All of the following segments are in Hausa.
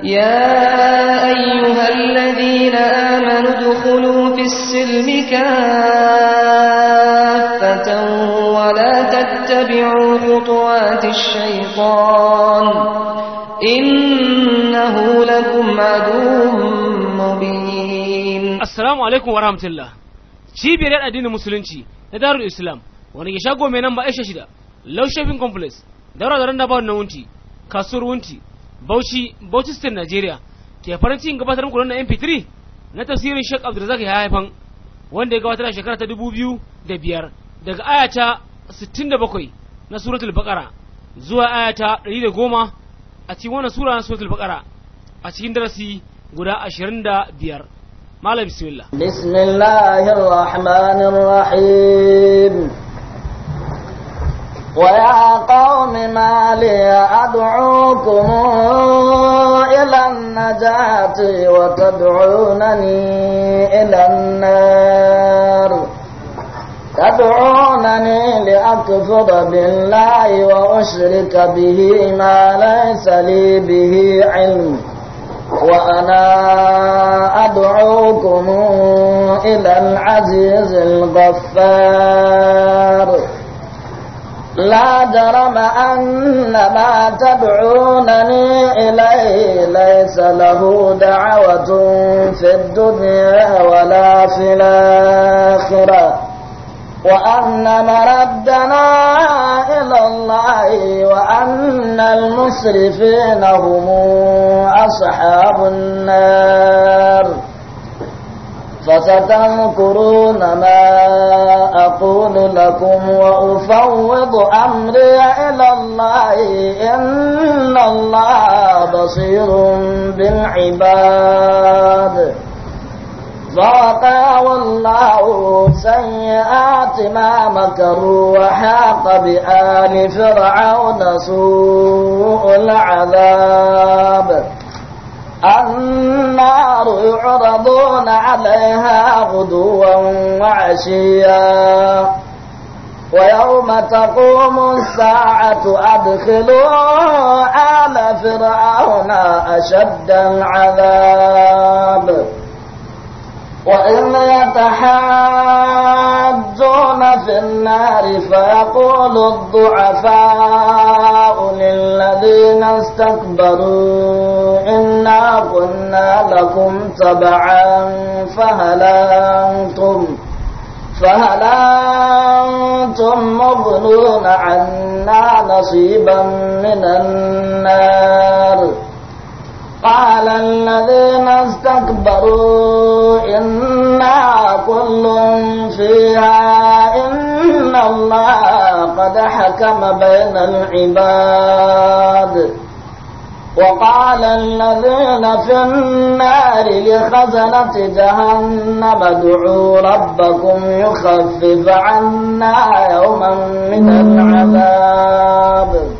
يا أيها الذين آمنوا ادخلوا في السلم كافة ولا تتبعوا خطوات الشيطان إنه لكم عدو مبين السلام عليكم ورحمة الله شيبي رأى الدين المسلمين ندار الإسلام وانا يشاقوا من نمبر إيش لو شايفين كومبلس دارا دارا نبار نونتي كسر ونتي Bauchi Bauchi State Nigeria ke farin cikin gabatar muku na MP3 na tafsirin Sheikh Abdulrazak ya haifan wanda ya gabatar a shekara ta 2005 daga aya ta 67 na suratul baqara zuwa aya ta 110 a cikin wannan sura na suratul baqara a cikin darasi guda 25 malam bismillah bismillahir rahmanir rahim ويا قوم ما لي أدعوكم إلى النجاة وتدعونني إلى النار تدعونني لأكفر بالله وأشرك به ما ليس لي به علم وأنا أدعوكم إلى العزيز الغفار لا جرم أن ما تدعونني إليه ليس له دعوة في الدنيا ولا في الآخرة وأن مردنا إلى الله وأن المسرفين هم أصحاب النار فستذكرون ما أقول لكم وأفوض أمري إلى الله إن الله بصير بالعباد فوقاه الله سيئات ما مكروا وحاق بآل فرعون سوء العذاب النار يعرضون عليها غدوا وعشيا ويوم تقوم الساعة أدخلوا آل فرعون أشد العذاب وإن يتحاجون في النار فيقول الضعفاء للذين استكبروا إنا كنا لكم تبعا فهل أنتم فهل أنتم مغنون عنا نصيبا من النار قال الذين استكبروا إنا كل فيها إن الله قد حكم بين العباد وقال الذين في النار لخزنة جهنم ادعوا ربكم يخفف عنا يوما من العذاب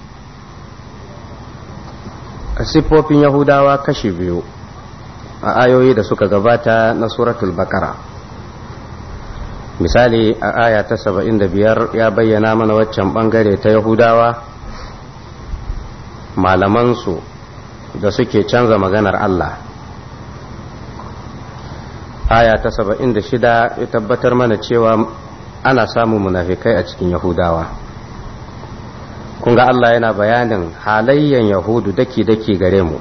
siffofin yahudawa kashi biyu a ayoyi da suka gabata na suratul bakara misali a aya ta saba'in da biyar ya bayyana mana waccan bangare ta yahudawa malamansu da suke canza maganar allah aya ta saba'in da shida ya tabbatar mana cewa ana samun munafikai a cikin yahudawa kun ga Allah yana bayanin halayyan yahudu daki-daki gare mu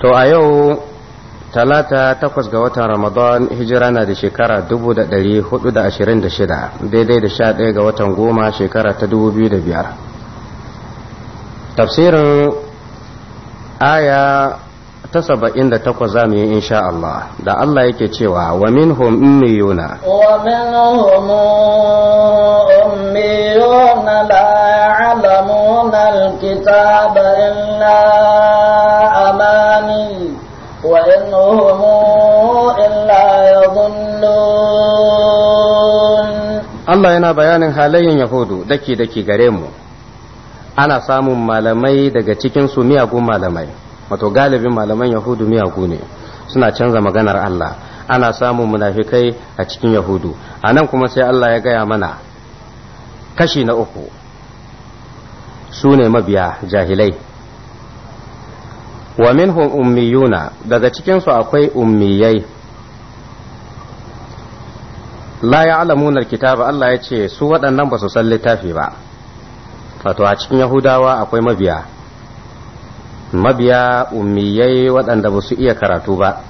to a yau talata takwas ga watan ramadan hijira na da shekara 426 daidai da sha ɗaya ga watan goma shekara ta 2005 tafsirin aya ta saba'in da takwas za mu yi insha Allah da Allah yake cewa wa minhum yuna. wa la illa amani wa illa yadhunnun Allah yana bayanin halayen Yahudu daki daki gare mu ana samun malamai daga cikin su miyagun malamai wato galibin malaman yahudu miyagu ne suna canza maganar Allah ana samun munafikai a cikin yahudu a nan kuma sai Allah ya gaya mana kashi na uku su ne mabiya jahilai wa minhum ummiyuna daga cikinsu akwai ummiyai la alamunar kitaba Allah ya ce su waɗannan ba su san littafi ba wato a cikin yahudawa akwai mabiya mabiya ummiyai waɗanda ba su iya karatu ba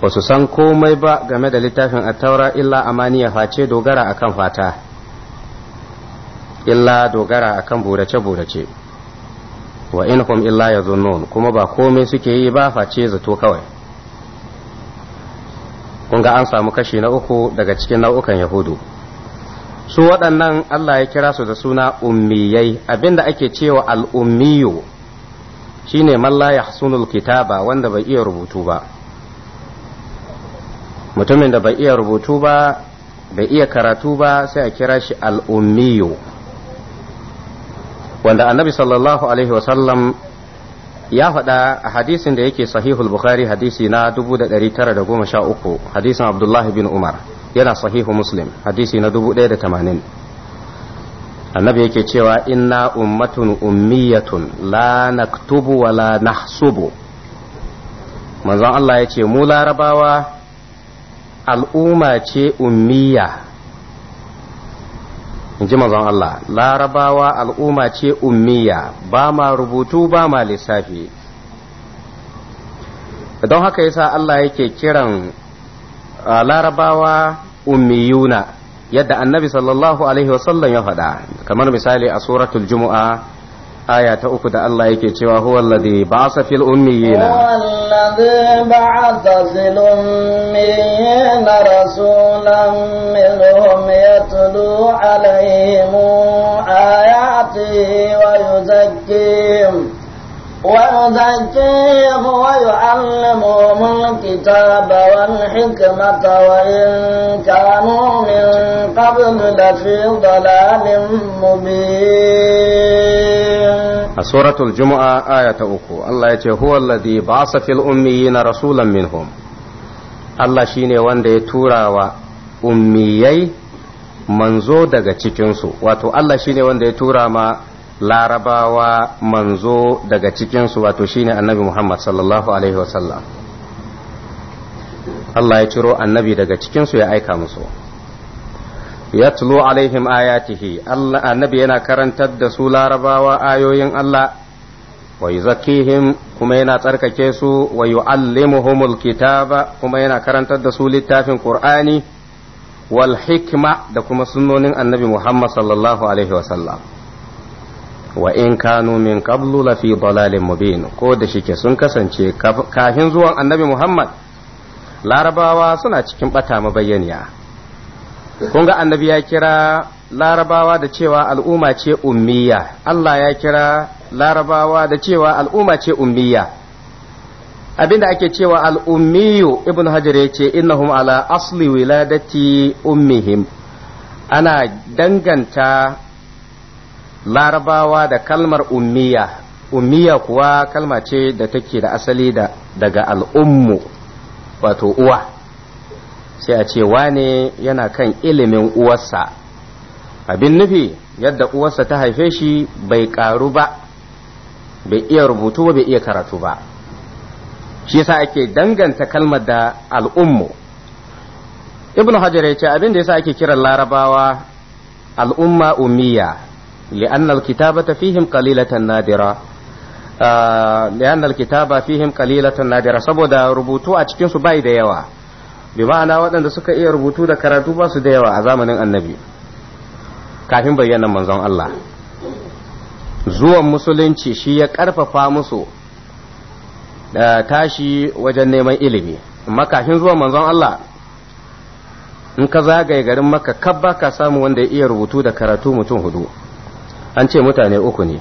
ba su san komai ba game da littafin attaura illa amaniya face dogara akan fata illa dogara akan burace-burace wa inhum illa ya kuma ba komai suke yi ba face zato kawai kun ga an samu kashi na uku daga cikin nau'ukan yahudu su waɗannan Allah ya kira su da suna ummiyai abinda ake cewa al'ummiyo shine man la yahsunul kitaba wanda bai iya rubutu ba mutumin da bai iya rubutu ba bai iya karatu ba sai a kira shi al'ummiyo wanda annabi sallallahu alaihi wasallam ya faɗa a hadisin da yake sahihul bukhari hadisi na 1913 hadisin abdullahi bin umar yana sahihu muslim hadisi na 1080 annabi yake cewa inna ummatun ummiyatun la naktubu wa la nahsubu manzon Allah ya mu larabawa al'umma ce ummiya in ji manzon Allah larabawa al'umma ce ummiya ba ma rubutu ba ma lissafi don haka yasa Allah yake kiran larabawa ummiyuna yadda annabi sallallahu alaihi wasallam ya faɗa kamar misali a suratul jumu'a aya ta uku da Allah yake cewa huwa alladhi ba'asa fil ummiyina huwa alladhi ba'asa fil ummiyina rasulan minhum yatlu ala ويزكيهم ويعلمهم الكتاب والحكمة وإن كانوا من قبل لفي ضلال مبين سورة الجمعة آية أخو الله يتي هو الذي بعث في الأميين رسولا منهم الله شيني وان دي تورا وأميي manzo daga cikinsu wato Allah shine wanda ya tura ma larabawa manzo daga cikinsu wato shine annabi Muhammad sallallahu Alaihi wasallam Allah ya ciro annabi daga cikinsu ya aika musu yatlu alaihim ayatihi Allah annabi yana karantar da su larabawa ayoyin Allah wa yuzakkihim kuma yana tsarkake su wa yuallimuhumul kitaba kuma yana karantar da su littafin Qur'ani wal hikma da kuma sunnonin annabi Muhammad sallallahu alaihi wasallam wa in kanu min qablu la fi dalalin mubin ko da shike sun kasance kafin zuwan annabi Muhammad larabawa suna cikin bata mabayyaniya kun ga annabi ya kira larabawa da cewa al'umma ce ummiya Allah ya kira larabawa da cewa al'umma ce ummiya abinda ake cewa al'ummiyu ibn hajar ya ce innahum ala asli wiladati ummihim ana danganta larabawa da kalmar ummiya ummiya kuwa kalma ce da take da asali da daga al'ummu wato uwa sai a ce wane yana kan ilimin uwarsa abin nufi yadda uwarsa ta haife shi bai karu ba bai iya rubutu ba bai iya karatu ba shi yasa ake danganta kalmar da al'ummu ibn hajar ya ce abin da yasa ake kiran larabawa al'umma ummiya لأن الكتابة فيهم قليلة نادرة لأن saboda rubutu a cikin su bai da yawa bi ma'ana waɗanda suka iya rubutu da karatu ba da yawa a zamanin annabi kafin bayyanan manzon Allah zuwan musulunci shi ya karfafa musu da tashi wajen neman ilimi amma kafin zuwa manzon Allah in ka zagaye garin maka kabba ka samu wanda ya iya rubutu da karatu mutum hudu an ce mutane uku ne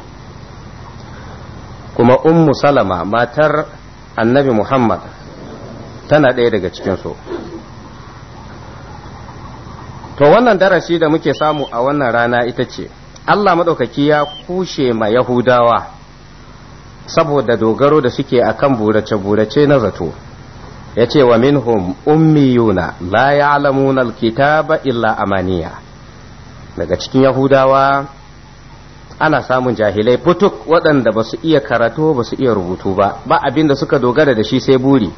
kuma ummu salama matar annabi muhammad tana ɗaya daga cikin cikinsu to wannan darasi da muke samu a wannan rana ita ce allah maɗaukaki ya kushe ma yahudawa saboda dogaro da suke akan burace-burace na zato ya ce wa minhum ummiyuna la ya'lamuna alkitaba illa amaniya daga cikin yahudawa ana samun jahilai futuk waɗanda ba su iya karatu ba su iya rubutu ba ba abinda suka dogara da shi sai buri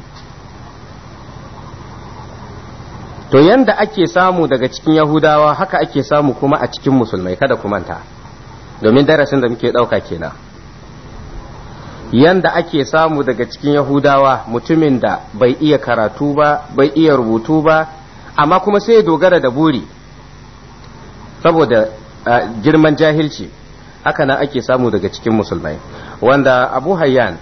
to yanda ake samu daga cikin yahudawa haka ake samu kuma a cikin musulmai kada ku manta domin darasin da muke ɗauka kenan yanda ake samu daga cikin yahudawa mutumin da bai iya karatu ba bai iya rubutu ba amma kuma sai ya dogara da buri saboda girman jahilci haka na ake samu daga cikin musulmai wanda abu hayyan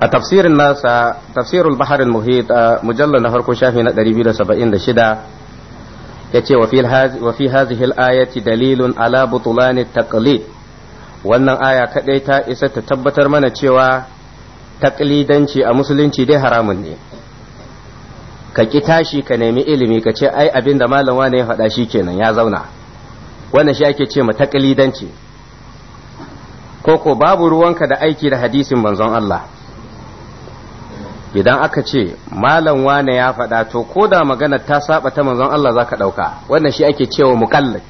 a tafsirin nasa tafsirul baharin muhit a mujallar na farko shafi na 276 ya ce wa fi hazihil ayati dalilun ala butulani taqlid wannan aya kadai ta isa ta tabbatar mana cewa taklidanci a musulunci dai haramun ne ka ƙi tashi ka nemi ilimi ka ce ai abinda da malam wane ya faɗa shi kenan ya zauna wannan shi ake ce ma ko koko babu ruwanka da aiki da hadisin manzon Allah idan aka ce malam wane ya faɗa to ko da magana ta saba ta manzon Allah zaka ɗauka wannan shi ake cewa muqallid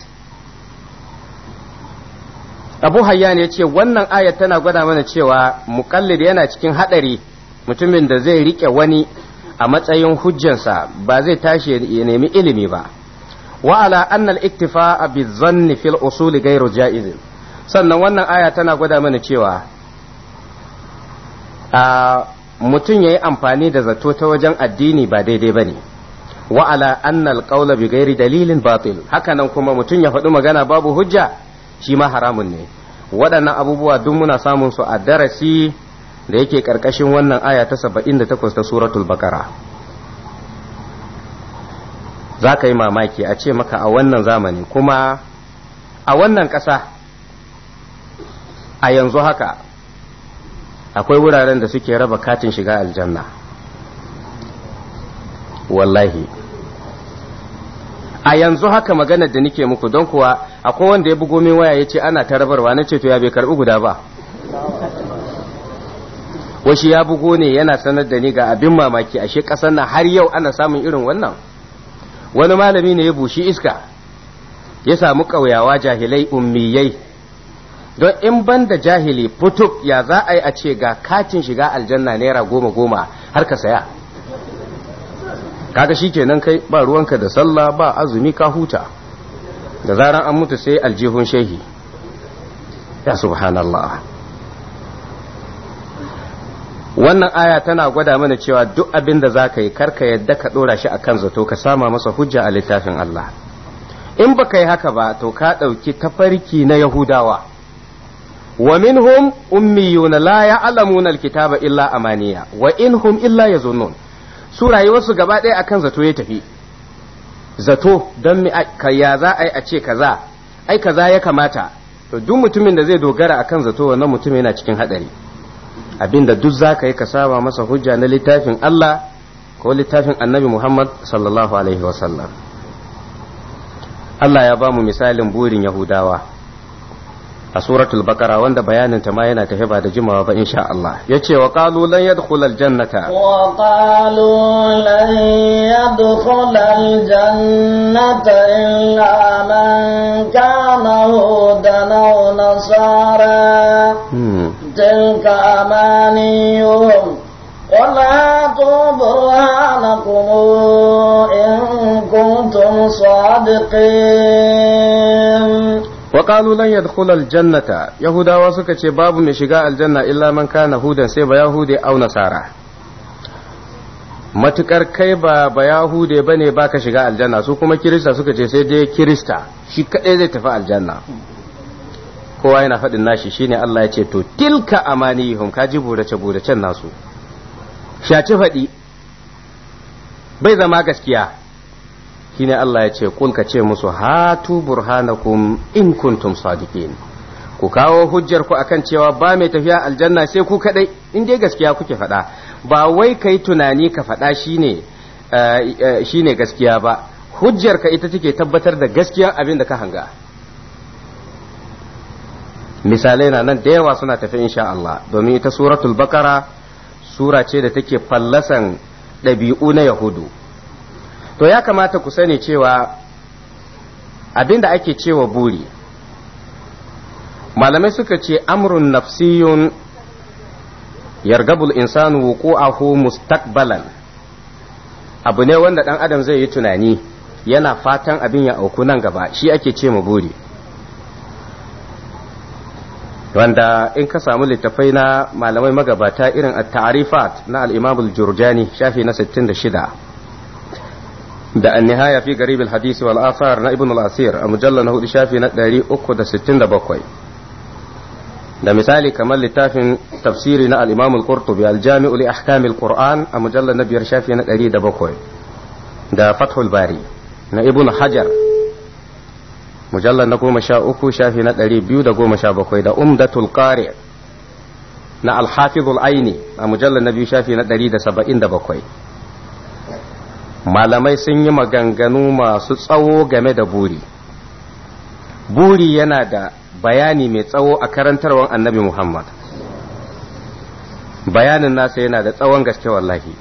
Abu Hayyan ya ce wannan ayat tana gwada mana cewa muqallid yana cikin haɗari mutumin da zai rike wani a matsayin hujjansa ba zai tashi ya nemi ilimi ba wa ala anna al-iktifa'a bi-dhanni fil sannan wannan aya tana gwada mana cewa a mutum yayi amfani da zato ta wajen addini ba daidai ba ne. Wa'ala annal al-qawla bi ghairi dalilin batil hakanan kuma mutum ya faɗi magana babu hujja shi ma haramun ne waɗannan abubuwa duk muna samun su a darasi da yake ƙarƙashin wannan aya ta 78 ta suratul baqara za ka yi mamaki a ce maka a wannan zamani kuma a wannan ƙasa a yanzu haka akwai wuraren da suke raba katin shiga aljanna wallahi a yanzu haka maganar da nike muku don kuwa akwai wanda ya bugo min waya ya ce ana ta rabarwa na ce to ya bai karbi guda ba washi ya bugo ne yana sanar da ni ga abin mamaki ashe ƙasar na har yau ana samun irin wannan wani malami ne ya bushi iska ya samu ƙauyawa jahilai ummiyai don in ban da jahili putuk ya za a yi a ce ga katin shiga aljanna naira goma goma har ka saya kaga shi kenan kai ba ruwanka da sallah ba azumi ka huta da zaran an mutu sai aljihun shehi ya subhanallah wannan aya tana gwada mana cewa duk abin da zaka yi karka yadda ka dora shi akan zato ka sama masa hujja a littafin Allah in baka yi haka ba to ka ɗauki tafarki na Yahudawa wa minhum ummiyuna la ya'lamun alkitaba illa amaniya wa inhum illa yazunnun su rayuwarsu gaba ɗaya akan zato ya tafi zato don mi ya za a yi a ce kaza ai kaza ya kamata to duk mutumin da zai dogara akan zato wannan mutum yana cikin haɗari abinda duk zaka yi ka saba masa hujja na littafin Allah ko littafin Annabi Muhammad sallallahu alaihi wasallam Allah ya bamu misalin burin Yahudawa a suratul bakara wanda bayanin ta ma yana tafe ba da jimawa ba insha Allah ce, wa qalu lan yadkhul al jannata wa qalu lan yadkhul al jannata illa man kana hudan تلك أمانيهم قل هاتوا برهانكم إن كنتم صادقين وقالوا لن يدخل الجنة يهودا وسكة باب من شقاء الجنة إلا من كان هودا سيب يهودي أو نصارى matukar kai ba ba yahude bane baka shiga aljanna su kuma kirista suka ce sai dai kirista shi kadai zai tafi aljanna kowa yana faɗin nashi shine Allah ya ce to tilka amanihum ka ji burace buracen nasu shaci faɗi bai zama gaskiya shine Allah ya ce kun ka ce musu hatu burhanakum in kuntum sadiqin ku kawo hujjar ku akan cewa ba mai tafiya aljanna sai ku kaɗai in dai gaskiya kuke faɗa ba wai kai tunani ka faɗa shine eh, eh, shine gaskiya ba hujjar ka ita take tabbatar da gaskiya abin da ka hanga misalai na nan da yawa suna tafi in sha Allah domin ita suratul bakara sura ce da take fallasan ɗabi'u na yahudu to ya kamata ku sani cewa abin da ake cewa buri malamai suka ce amrun nafsiyun yargabul insanu aho mustakbalan abu ne wanda ɗan adam zai yi tunani yana fatan abin ya auku nan gaba shi ake ce ma buri wanda in ka samu littafai na malamai magabata irin a tarifat na al-Imam al-Jurjani shafi na 66 da an-nihaya fi garib al hadisi wal athar na Ibn al-Asir a mujallal na hudu shafi na 367 da misali kamar littafin tafsiri na al-Imam al-Qurtubi al-Jami'u li ahkam al-Qur'an a mujallal na biyar shafi na 107 da Fathul Bari na Ibn Hajar mujallar na goma sha uku shafi na ɗari biyu da goma sha bakwai da umdatul qari na alhafizul aini a mujallar na biyu shafi na ɗari da saba'in da bakwai malamai sun yi maganganu masu tsawo game da buri buri yana da bayani mai tsawo a karantarwar annabi muhammad bayanin nasa yana da tsawon gaske wallahi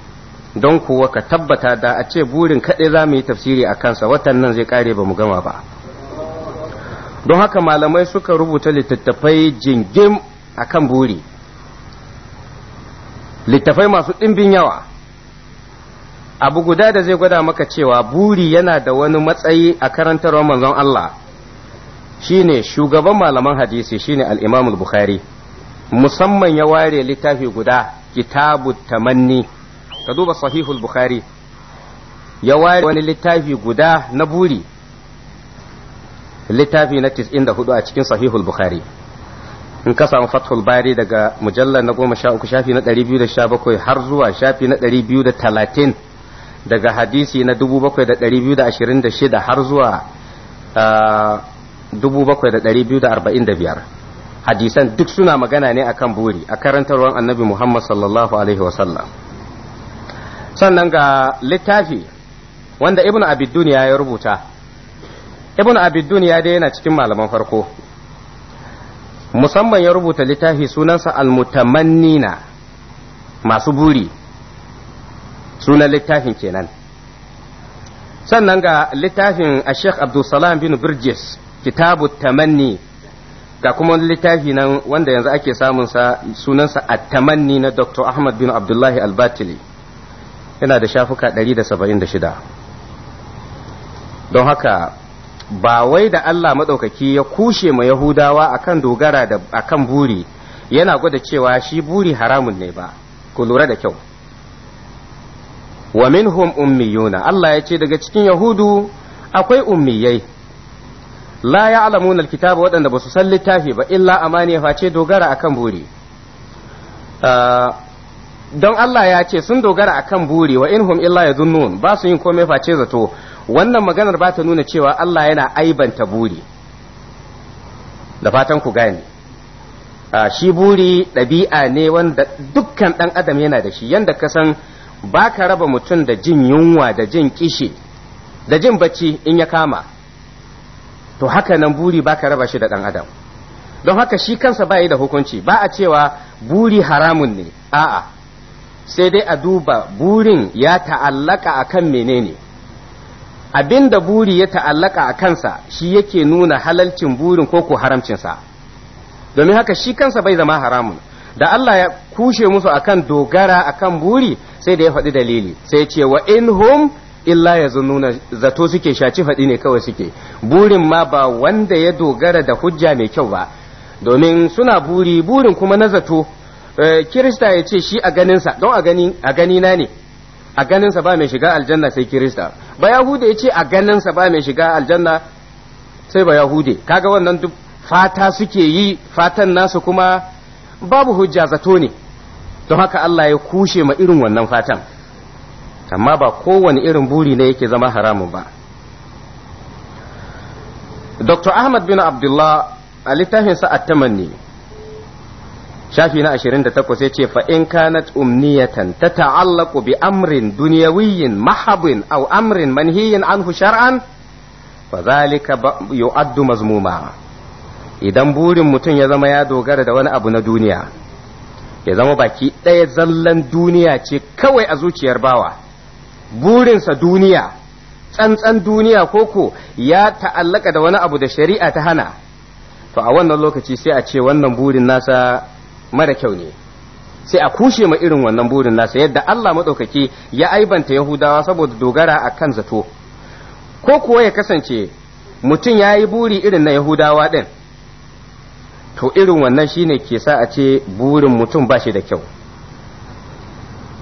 don kuwa ka tabbata da a ce burin kaɗai za mu yi tafsiri a kansa watan nan zai ƙare ba mu gama ba don haka malamai suka rubuta littattafai jingim a kan buri littattafai masu ɗimbin yawa abu guda da zai gwada maka cewa buri yana da wani matsayi a karantarwar manzon Allah shine shugaban malaman hadisi shine al-imamul bukhari musamman ya ware littafi guda kitabu tamanni ka duba sahihul bukhari ya ware wani littafi guda na buri littafi na 94 a cikin sahihul bukhari in ka samu fathul bari daga mujallar na goma sha uku shafi na ɗari biyu da sha bakwai har zuwa shafi na ɗari biyu da talatin daga hadisi na dubu bakwai da ɗari biyu da ashirin da shida har zuwa ah, dubu bakwai da ɗari biyu da arba'in da biyar hadisan duk suna magana ne akan buri a karantarwar annabi muhammad sallallahu alaihi wasallam sannan ga littafi wanda ibnu abid ya rubuta ibn abiddun ya dai yana cikin malaman farko musamman ya rubuta littafi sunansa almutamannina masu buri sunan littafin kenan sannan ga littafin a sheikh abdulsalam bin burgess kitabu tamanni ga kuma littafi nan wanda yanzu ake samunsa sunansa a tamanni na dr ahmad bin abdullahi albatili yana da shafuka 176 don haka ba wai da Allah maɗaukaki ya kushe ma Yahudawa akan dogara da akan buri yana gwada cewa shi buri haramun ne ba ku lura da kyau wa minhum ummiyuna Allah ya ce daga cikin Yahudu akwai ummiyai la ya'lamuna alkitaba waɗanda ba su san littafi ba illa amaniya face dogara akan buri ah, don Allah ya ce sun dogara akan buri wa inhum illa yadhunnun ba su yin komai face zato wannan maganar ba ta nuna cewa Allah yana aibanta buri da fatan ku gane shi buri ɗabi'a ne wanda dukkan ɗan adam yana da shi yadda ka san ba ka raba mutum da jin yunwa da jin kishi da jin bacci in ya kama to haka nan buri ba ka raba shi da ɗan adam don haka shi kansa ba yi da hukunci ba a cewa buri haramun ne a'a sai dai a duba burin ya ta'allaka akan menene abin da buri ya ta'allaka a kansa shi yake nuna halalcin burin ko ko haramcinsa domin haka shi kansa bai zama haramun da Allah ya kushe musu akan dogara akan buri sai da ya faɗi dalili sai ce wa in hum illa ya nuna zato suke shaci faɗi ne kawai suke burin ma ba wanda ya dogara da hujja mai kyau ba domin suna buri burin kuma na zato eh, kirista ya ce shi a ganinsa don a gani a na ne a ganinsa ba mai shiga aljanna sai kirista ba yahude ya ce a ganinsa ba mai shiga aljanna sai ba yahude kaga wannan duk fata suke yi fatan nasu kuma babu hujja zato ne don haka Allah ya kushe ma irin wannan fatan amma ba kowane irin buri ne yake zama haramun ba Dr. Ahmad bin Abdullah a littafinsa at-tamanni shafi na takwas ya ce fa in kanat umniyatan ta ta'allaqu bi amrin duniyawiyin mahabin aw amrin manhiyin anhu shar'an fa zalika mazmuma idan burin mutum ya zama ya dogara da wani abu na duniya ya zama baki ɗaya zallan duniya ce kawai a zuciyar bawa burinsa duniya tsantsan duniya koko ya ta'allaka da wani abu da shari'a ta hana to a wannan lokaci sai a ce wannan burin nasa mara kyau ne sai a kushe ma irin wannan burin nasa yadda Allah maɗaukaki ya aibanta Yahudawa saboda dogara a kan zato ko kuwa ya kasance mutum ya yi buri irin na Yahudawa ɗin to irin wannan shine ke sa a ce burin mutum ba shi da kyau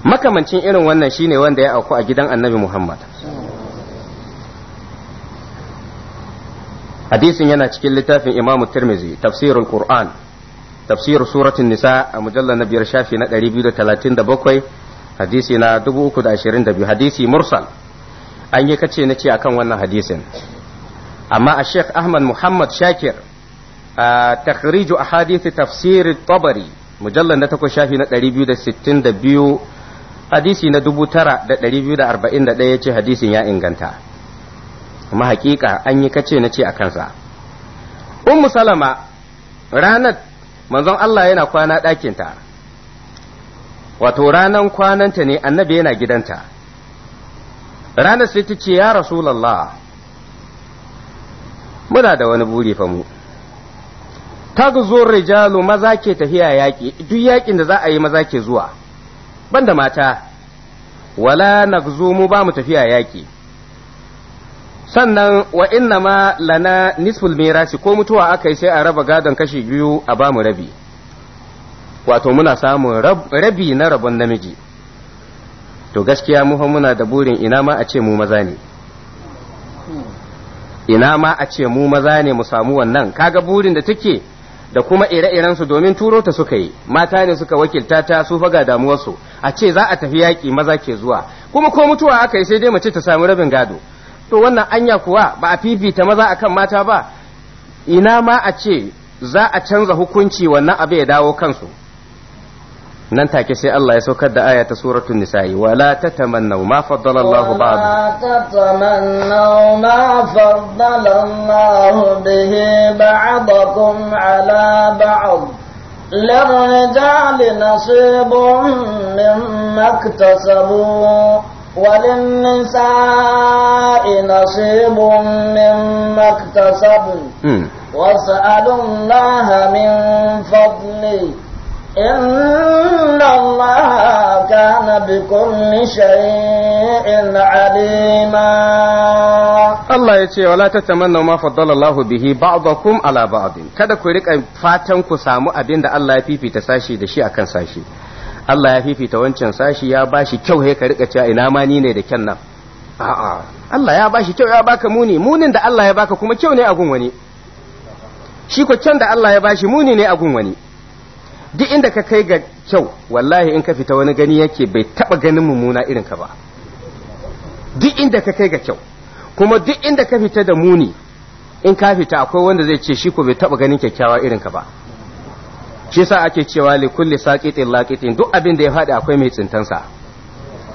makamancin irin wannan shine wanda ya auku a gidan annabi Muhammad hadisin yana cikin littafin imamu tirmizi tafsirul qur'an tafsir suratun nisa a mujallar na biyar shafi na 237 hadisi na 322 hadisi mursal an yi kace na ce akan wannan hadisin amma a sheikh ahmad muhammad shakir a hadisi ahadith tafsir tabari mujallar na takwas shafi na 262 hadisi na 9241 ya ce hadisin ya inganta amma hakika an yi kace na ce a kansa ummu salama ranar manzon Allah yana kwana ɗakinta wato ranan kwananta ne annabi yana gidanta ranar sai ta ce ya rasulallah muna da wani buri fa mu tagzo rijalu maza ke tafiya yaƙi duk yaƙin da za a yi maza ke zuwa banda mata wala nagzo mu ba mu tafiya yaƙi sannan wa inna ma lana nisful mirasi ko mutuwa aka yi sai a raba gadon kashi biyu a bamu rabi wato muna samun rabi na rabon namiji to gaskiya muha muna da burin ina ma a ce mu maza ne ina ma a ce mu maza ne mu samu wannan kaga burin da take da kuma ire-iren su domin turo ta suka yi mata ne suka wakilta ta su faga damuwarsu a ce za a tafi yaƙi maza ke zuwa kuma ko mutuwa aka yi sai dai mace ta samu rabin gado to wannan anya kuwa ba a fifita maza akan mata ba ina ma a ce za a canza hukunci wannan abu ya dawo kansu nan take sai Allah ya saukar da aya ta suratul nisa'i wala tatamannaw ma faddala Allahu ba'd wala tatamannaw ma faddala Allahu bihi ba'dakum ala ba'd للرجال نصيب مما وللنساء نصيب مما اكتسبن واسألوا الله من فضله إن الله كان بكل شيء عليما Allah ya ce wala tatamannu ma faddala Allahu bihi ba'dakum ala ba'd kada ku rika fatan ku samu abin da Allah ya fifita sashi da shi akan sashi Allah ya fifita wancan sashi ya bashi kyau he ka rika cewa ina ma ni ne da kyan nan a'a Allah ya bashi kyau ya baka muni munin da Allah ya baka kuma kyau ne a gun wani shi ko kyan da Allah ya bashi muni ne a gun wani duk inda ka kai ga kyau wallahi in ka fita wani gani yake bai taba ganin mummuna irin ka ba duk inda ka kai ga kyau kuma duk inda ka fita da muni in ka fita akwai wanda zai ce shi ko bai taba ganin kyakkyawa irin ka ba shi sa ake cewa li kulli saqitin laqitin duk abin da ya faɗi akwai mai tsintansa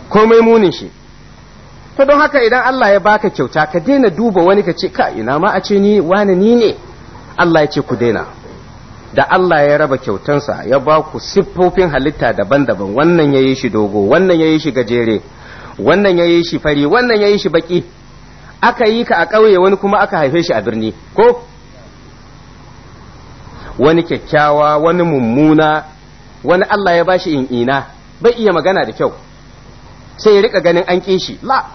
komai munin shi to don haka idan Allah ya baka kyauta ka daina duba wani ka ce ka ina ma a ce ni wani ni ne Allah ya ce ku daina da Allah ya raba kyautansa ya ba ku siffofin halitta daban-daban wannan ya yi shi dogo wannan ya yi shi gajere wannan ya yi shi fari wannan ya yi shi baki aka yi ka a ƙauye wani kuma aka haife shi a birni ko wani kyakkyawa wani mummuna wani Allah ya bashi in ina bai iya magana da kyau sai ya rika ganin an kishi la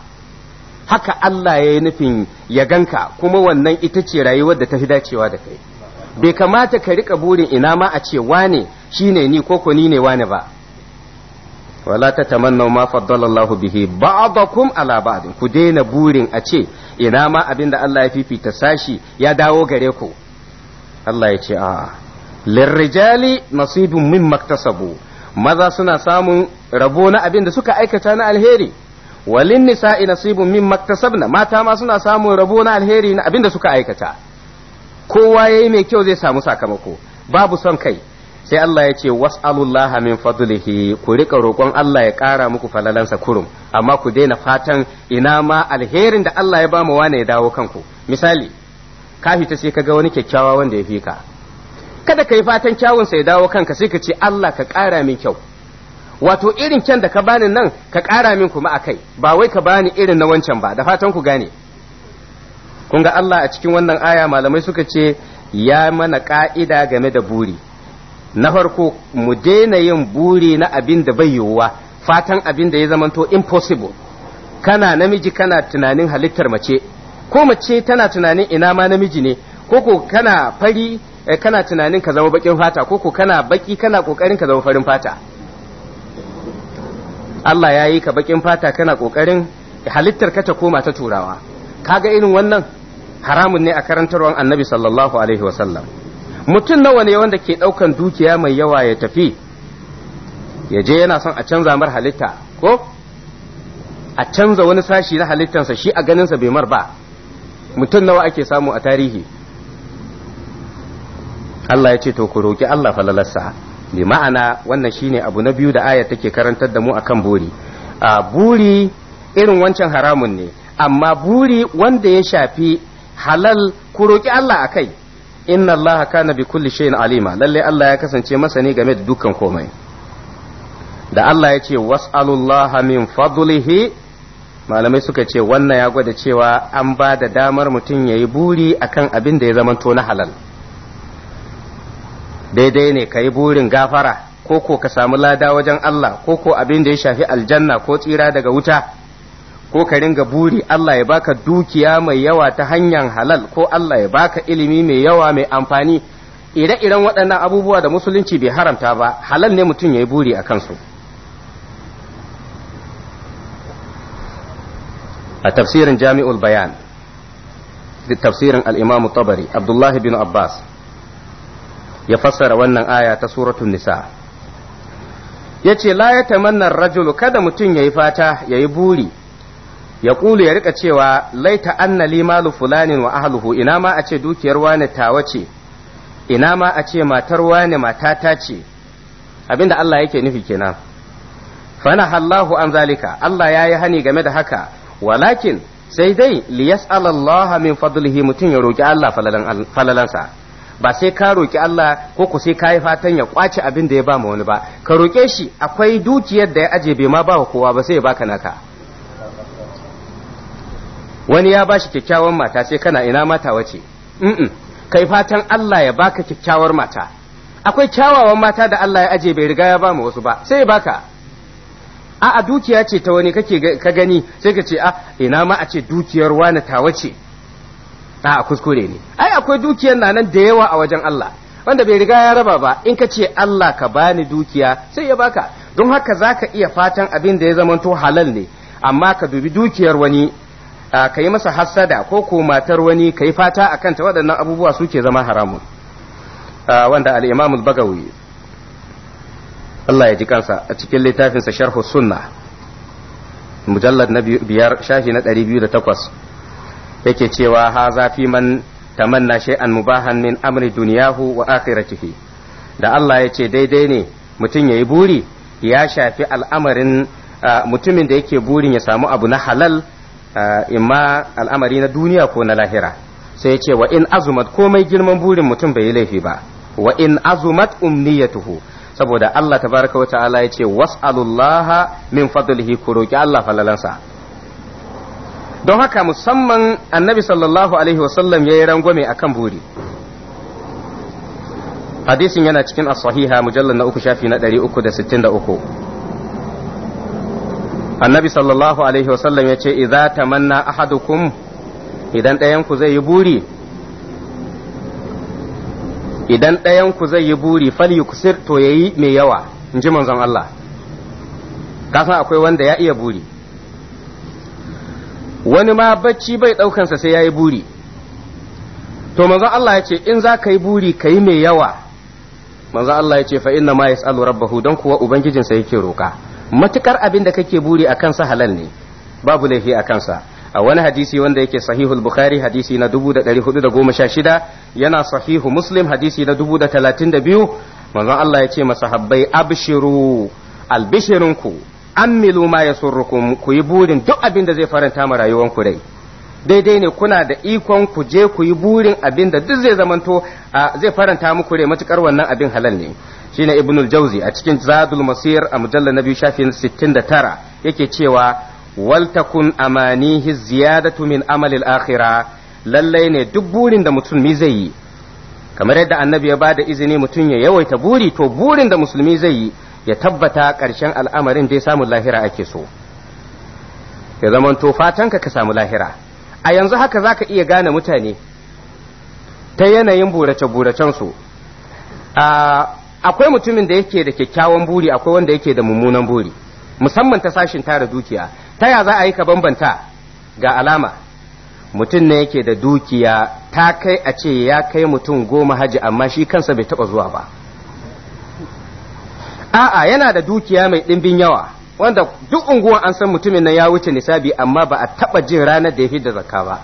haka Allah ya yi nufin ya ganka kuma wannan ita ce rayuwar da ta fi dacewa da kai bai kamata ka rika burin ina ma a ce wane shine ni ko ko ni ne wane ba wala ta tamanna ma faddala Allah bihi ba'dakum ala ba'd ku daina burin a ce ina ma abinda Allah ya fifita sashi ya dawo gare ku Allah ya ce a lirrijali nasibun min maktasabu maza suna samun rabo na abin da suka aikata na alheri walin nisa'i nasibun min maktasabna mata ma suna samun rabo na alheri na abin da suka aikata kowa yayi mai kyau zai samu sakamako babu son kai sai Allah ya ce was'alullaha min fadlihi ku rika roƙon Allah ya ƙara muku falalansa kurum amma ku daina fatan ina ma alherin da Allah ya ba bamu wane ya dawo kanku misali ka fita sai ka ga wani kyakkyawa wanda ya fi ka kada ka yi fatan kyawun sai dawo kanka sai ka ce Allah ka ƙara min kyau wato irin kyan da ka bani nan ka ƙara min kuma a kai ba wai ka bani irin na wancan ba da fatan ku gane kun ga Allah a cikin wannan aya malamai suka ce ya mana ka'ida game da buri na farko mu daina yin buri na abin da bai yiwuwa fatan abin da ya zamanto impossible kana namiji kana tunanin halittar mace ko mace tana tunanin ina ma namiji ne ko ko kana fari eh, kana tunanin ka zama bakin fata ko ko kana baki kana kokarin ka zama farin fata Allah ya yi ka bakin fata kana kokarin halittar ka ta koma ta turawa kaga irin wannan haramun ne a karantarwar annabi sallallahu alaihi wasallam mutum nawa ne wanda ke daukan dukiya mai yawa ya tafi ya je yana son a canza mar halitta ko a canza wani sashi na halittansa shi a ganin sa bai mar ba mutum nawa ake samu a tarihi Allah ya ce to ku roki Allah falalarsa bi ma'ana wannan shine abu na biyu da aya take karantar da mu akan buri a buri irin wancan haramun ne amma buri wanda ya shafi halal ku roki Allah akai inna Allah kana bi kulli shay'in alima lalle Allah ya kasance masani game da dukkan komai da Allah ya ce was'alullaha min fadlihi malamai suka ce wannan ya gwada cewa an ba da damar mutum ya yi buri akan abin da ya zamanto na halal daidai ne ka yi burin gafara ko ko ka samu lada wajen Allah ko ko abin da ya shafi aljanna ko tsira daga wuta ko ka ringa buri Allah ya baka dukiya mai yawa ta hanyar halal ko Allah ya baka ilimi mai yawa mai amfani ire-iren waɗannan abubuwa da musulunci bai haramta ba halal ne mutum ya yi buri a kansu. a tafsirin jami'ul bayan tafsirin al tabari abdullahi bin abbas ya fassara wannan aya ta suratun nisa yace la yatamanna ar-rajulu kada mutum ya yi fata ya yi buri ya kulu ya rika cewa laita anna li malu fulanin wa ahluhu ina ma a ce dukiyar wani tawa ce ina ma a ce matar wani matata ce abinda Allah yake nufi kenan fana Allahu an zalika Allah ya yi hani game da haka walakin sai dai liyas'alallaha min fadlihi mutum ya roki Allah falalan falalansa ba sai ka roki Allah ko ku sai kai fatan ya kwace abin da ya ba mu wani ba ka roke shi akwai dukiyar da ya aje bai ma ba kowa ba sai ya baka naka wani ya bashi kyakkyawan mata sai kana ina mata wace kai fatan Allah ya baka kyakkyawar mata akwai kyawawan mata da Allah ya aje bai riga ya ba mu wasu ba sai baka a a dukiya ce ta wani kake ka gani sai ka ce a ah, ina ma a ce dukiyar wani tawa ce a kuskure ne ai akwai dukiyar na nan da yawa a wajen Allah wanda bai riga ya raba ba in ka ce Allah ka bani dukiya sai ya baka don haka zaka iya fatan abin da ya zamanto halal ne amma ka dubi dukiyar wani ka yi masa hassada ko ko matar wani ka yi fata a kanta waɗannan abubuwa suke zama haramun wanda al-Imam al-Bagawi Allah ya ji kansa a cikin littafinsa sharhu sunna mujallad na biyar shafi na ɗari biyu da takwas yake cewa ha zafi man tamanna shay'an mubahan min amri duniyahu wa akhiratihi da Allah ya ce daidai ne mutum yayi buri ya shafi al'amarin mutumin da yake burin ya samu abu na halal imma al'amari na duniya ko na lahira sai ya ce wa in azumat komai girman burin mutum bai yi laifi ba wa in azumat umniyatuhu saboda Allah tabaraka wa ta'ala ya ce was'alullaha min fadlihi ku roki Allah falalansa don haka musamman annabi sallallahu alaihi wasallam yayi rangwame akan buri hadisin yana cikin as-sahiha mujallar na uku shafi na 363 annabi sallallahu alaihi wasallam ya ce idza tamanna ahadukum idan ɗayanku zai yi buri idan ɗayan ku zai yi buri fal yuksir to yayi mai yawa in ji manzon Allah ka san akwai wanda ya iya buri wani ma bacci bai ɗaukansa sai ya yi buri to manzon Allah ya ce in za ka yi buri ka yi mai yawa manzon Allah ya ce fa inna ma yas'alu rabbahu dan kuwa ubangijinsa yake roka matukar abin da kake buri a kansa halal ne babu laifi a kansa a wani hadisi wanda yake sahihul bukhari hadisi na 1416 yana sahihu muslim hadisi na 1032 manzon Allah ya ce masahabbai abshiru albishirunku ammilu ma yasurrukum ku yi burin duk abin da zai faranta ma rayuwanku dai daidai ne kuna da ikon ku je ku yi burin abin da duk zai zamanto zai faranta muku rai matukar wannan abin halal ne shine ibnul jauzi a cikin zadul masir a mujallar na biyu shafin 69 yake cewa waltakun amanihi ziyadatu min amalil akhira lallai ne duk burin da musulmi zai yi kamar yadda annabi ya bada izini mutum ya yawaita buri to burin da musulmi zai yi ya tabbata karshen al'amarin da ya samu lahira ake so ya zamanto fatanka ka samu lahira a yanzu haka zaka iya gane mutane ta yanayin burace-buracensu buracen akwai mutumin da yake da kyakkyawan buri akwai wanda yake da mummunan buri musamman ta sashin tara dukiya ta ya za a yi ka bambanta ga alama mutum ne yake da dukiya ta kai a ce ya kai mutum goma haji amma shi kansa bai taba zuwa ba a'a yana da dukiya mai ɗimbin yawa wanda duk unguwan an san mutumin nan ya wuce nisabi amma ba a taba jin ranar da ya fi da zakka ba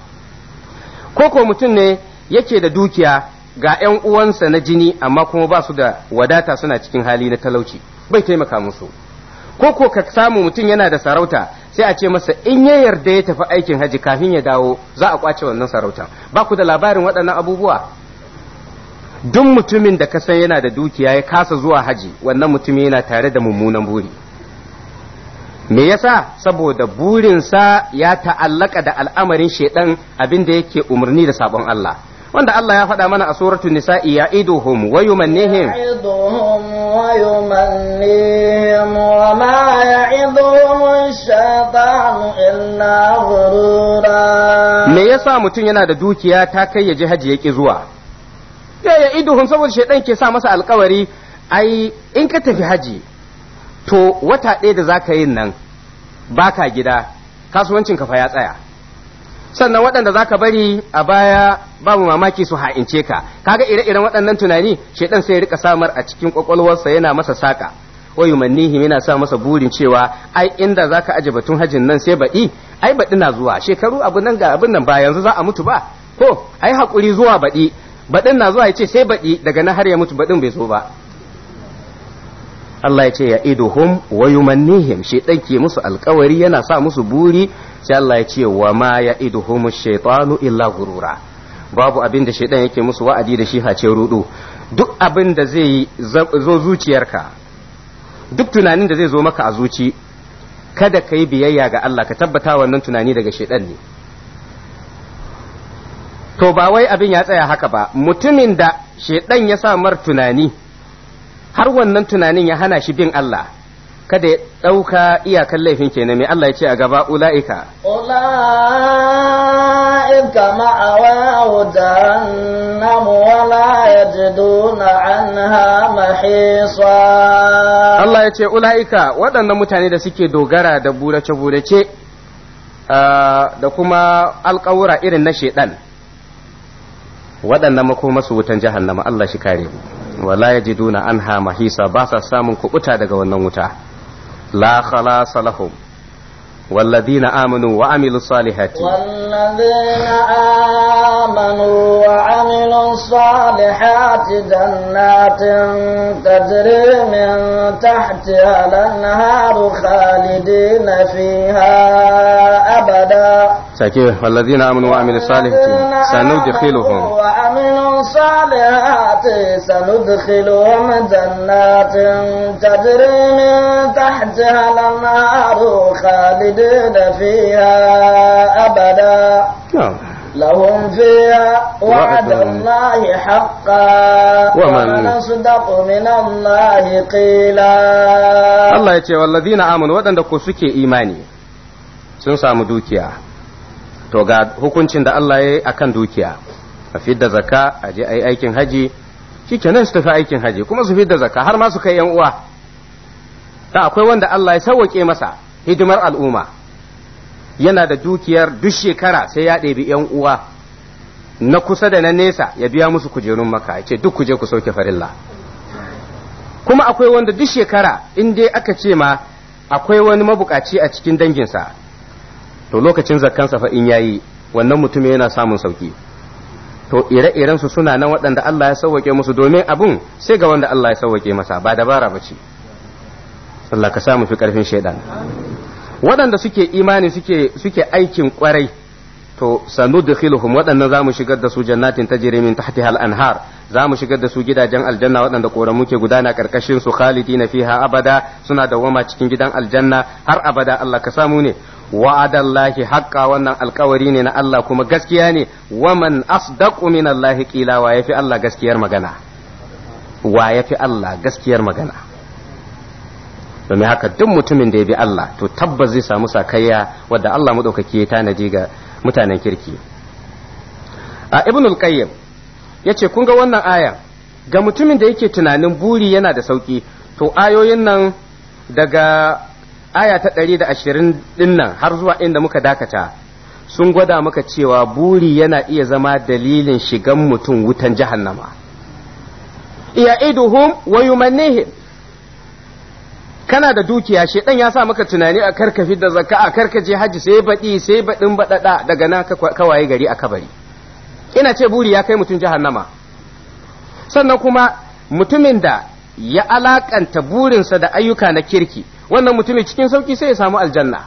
ko ko mutum ne yake da dukiya ga 'yan uwansa na jini amma kuma ba su da wadata suna cikin hali na talauci bai taimaka musu ko ko ka samu mutum yana da sarauta sai a ce masa in ya yarda ya tafi aikin haji kafin ya dawo za a kwace wannan sarautar ba ku da labarin waɗannan abubuwa duk mutumin da ka san yana da dukiya ya kasa zuwa haji wannan mutum yana tare da mummunan buri me yasa saboda burinsa ya ta'allaka da al'amarin shedan abin da yake umarni da sabon Allah wanda Allah ya faɗa mana a suratul nisa'i ya iduhum wa yumannihim ويمنيهم وما يعظهم الشيطان إلا غرورا me yasa mutum yana da dukiya ta kai ya ji haji yake zuwa ya ya iduhun saboda shaidan ke sa masa alkawari ai in ka tafi haji to wata ɗaya da za ka yin nan baka gida kasuwancin ka fa ya tsaya sannan waɗanda za ka bari a baya babu mamaki su ha'ince ka kaga ire-iren waɗannan tunani ɗan sai ya rika samar a cikin kwakwalwarsa yana masa saka wa yumannihi yana sa masa burin cewa ai inda za ka ajiye batun hajin nan sai baɗi ai baɗi na zuwa shekaru abu nan ga abin nan ba yanzu za a mutu ba ko ai haƙuri zuwa baɗi baɗin na zuwa ya ce sai baɗi daga nan har ya mutu baɗin bai zo ba Allah ya ce ya iduhum wa yumannihim shi ke musu alkawari yana sa musu buri sai Allah ya ce wa ma ya iduhum shaitanu illa gurura babu abin da shaitan yake musu wa'adi da shi hace rudu duk abin da zai zo zuciyarka duk tunanin da zai zo maka a zuci kada ka yi biyayya ga Allah ka tabbata wannan tunani daga shaitan ne to ba wai abin ya tsaya haka ba mutumin da shaitan ya sa mar tunani har wannan tunanin ya hana shi bin Allah kada ya ɗauka iyakan laifin kenan mai Allah ya ce a gaba ula'ika ula'ika ma'awahu jahannam wa la yajiduna anha mahisa Allah ya ce ula'ika waɗannan mutane da suke dogara da burace-burace ah, da kuma alƙawura irin na shedan waɗannan makomasu wutan jahannama Allah shi kare mu wala yajiduna anha mahisa ba sa samun kubuta daga wannan wuta la khalasa lahum والذين آمنوا وعملوا الصالحات والذين آمنوا وعملوا الصالحات جنات تجري من تحتها الأنهار خالدين فيها أبداً شاكير والذين آمنوا وعملوا الصالحات سندخلهم وعملوا الصالحات سندخلهم جنات تجري من تحتها الأنهار خالدين فيها أبدا نعم لهم فيها وعد الله حقا ومن أصدق من الله قيلا الله يتي والذين آمنوا ودن دكو سكي إيماني sun samu dukiya to ga hukuncin da Allah ya yi a kan dukiya a fidda zaka a je a yi aikin haji nan su tafi aikin haji kuma su fidda zaka har ma su kai yan uwa da akwai wanda Allah ya sauwake masa hidimar al'umma yana da dukiyar duk shekara sai ya ɗebi yan uwa na kusa da na nesa ya biya musu kujerun maka ya ce duk kuje ku sauke farilla kuma akwai wanda duk shekara in dai aka ce ma akwai wani mabukaci a cikin danginsa to lokacin zakkansa fa in yayi wannan mutum yana samun sauki to ire-iren su suna nan waɗanda Allah ya sauwake musu domin abun sai ga wanda Allah ya sauwake masa ba dabara ba Allah ka samu fi karfin shaidan waɗanda suke imani suke suke aikin kwarai to sanudkhiluhum waɗannan zamu shigar da su jannatin tajri min tahtiha al-anhar zamu shigar da su gidajen aljanna waɗanda koran muke gudana karkashin su khalidina fiha abada suna wama cikin gidan aljanna har abada Allah ka samu ne wa'adallahi haƙƙa wannan alkawari ne na Allah kuma gaskiya ne waman asdaqu minallahi qila wa yafi Allah gaskiyar magana wa yafi Allah gaskiyar magana domin haka duk mutumin da ya bi Allah to tabbas zai samu sakayya wadda Allah madaukaki ya tanaji ga mutanen kirki a ibn al-qayyim yace kun ga wannan aya ga mutumin da yake tunanin buri yana da sauki to ayoyin nan daga aya ta ɗari da ashirin dinnan har zuwa inda muka dakata sun gwada maka cewa buri yana iya zama dalilin shigan mutum wutan jahannama iya iduhum wa yumannihim kana da dukiya ɗan ya sa maka tunani a karkafi da zakka a karkaje haji sai baɗi sai baɗin baɗaɗa daga na kawaye gari a kabari ina ce buri ya kai mutum jahannama sannan kuma mutumin da ya alakanta burinsa da ayyuka na kirki wannan mutumin cikin sauki sai ya samu aljanna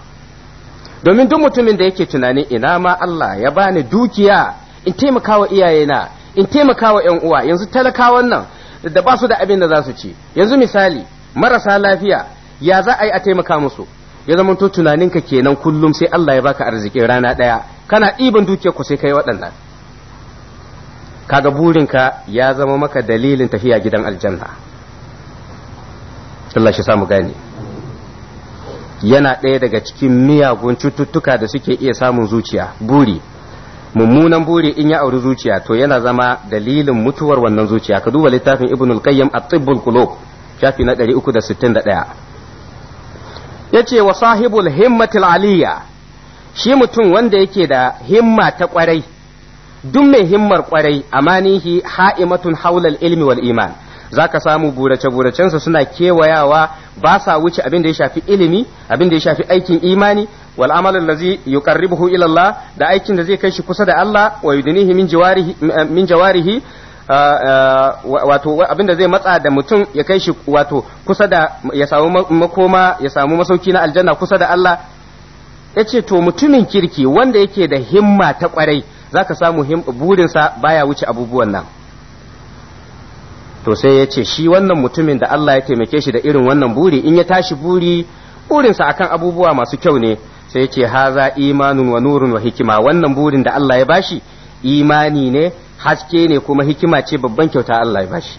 domin duk mutumin da yake tunanin ina ma Allah ya bani dukiya in taimaka wa iyayena in taimaka wa ƴan uwa yanzu talakawan nan da ba su da abin da za su ci yanzu misali marasa lafiya ya za a yi a taimaka musu ya zama to tunaninka kenan kullum sai Allah ya baka arziki rana ɗaya kana ɗiban dukiyar ku sai kai waɗannan kaga burinka ya zama maka dalilin tafiya gidan aljanna Allah shi samu gane yana ɗaya daga cikin miyagun cututtuka da suke iya samun zuciya buri mummunan buri in ya auri zuciya to yana zama dalilin mutuwar wannan zuciya ka duba littafin ibn al-qayyim at-tibbul qulub shafi na 361 yace wa sahibul himmatil aliyya shi mutum wanda yake da himma ta kwarai duk mai himmar kwarai amanihi ha'imatun haulal ilmi wal iman zaka samu burace-buracensa suna kewayawa ba sa wuce abin da ya shafi ilimi abin da ya shafi aikin imani wal zai yi yuqarribuhu ila ilallah da aikin da zai kai shi kusa da Allah wa min jawarihi min wato abin da zai matsa da mutum ya kai shi wato kusa da ya samu makoma ya samu masauki na aljanna kusa da Allah yace to mutumin kirki wanda yake da himma ta kwarai zaka samu burinsa baya wuce abubuwan nan to sai ya ce shi wannan mutumin da Allah ya taimake shi da irin wannan buri in ya tashi buri burinsa akan abubuwa masu kyau ne sai ya ce haza imanun wa nurun wa hikima wannan burin da Allah ya bashi imani ne haske ne kuma hikima ce babban kyauta Allah ya bashi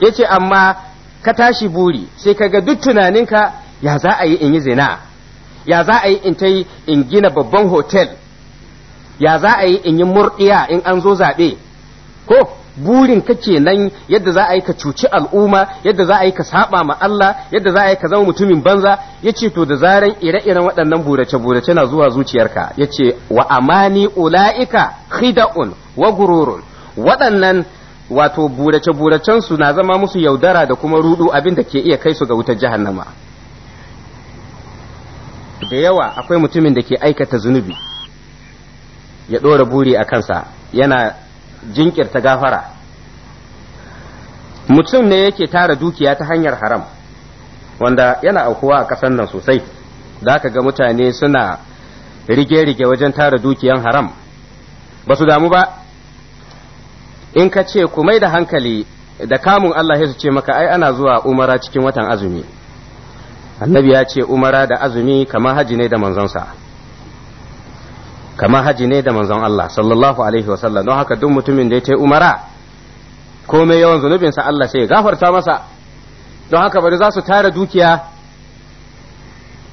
yace amma ka tashi buri sai ka ga duk tunaninka ya za a yi in yi zina ya za a yi in ta in gina babban hotel ya za a yi in yi murdiya in an zo zaɓe ko burin ka kenan yadda za a yi ka cuci al'umma yadda za a yi ka saba ma Allah yadda za a yi ka zama mutumin banza yace to da zaran ire-iren waɗannan burace-burace na zuwa zuciyarka yace wa amani ulaika khida'un wa gururun waɗannan wato burace-buracen su na zama musu yaudara da kuma rudu abin da ke iya kai su ga wutar jahannama da yawa akwai mutumin da ke aikata zunubi ya ɗora buri a kansa yana jinkirta gafara mutum ne yake tara dukiya ta hanyar haram wanda yana aukuwa a ƙasar nan sosai da aka ga mutane suna rige-rige wajen tara dukiyan haram ba su damu ba in ka ce ku mai da hankali da kamun Allah ya su ce maka ai ana zuwa umara cikin watan azumi annabi ya ce umara da azumi kamar haji ne da manzonsa. kama haji ne da manzon Allah sallallahu alaihi wasallam don haka duk mutumin da ya ce umara komai yawan zunubinsa Allah sai ya gafarta masa don haka bari za su tara dukiya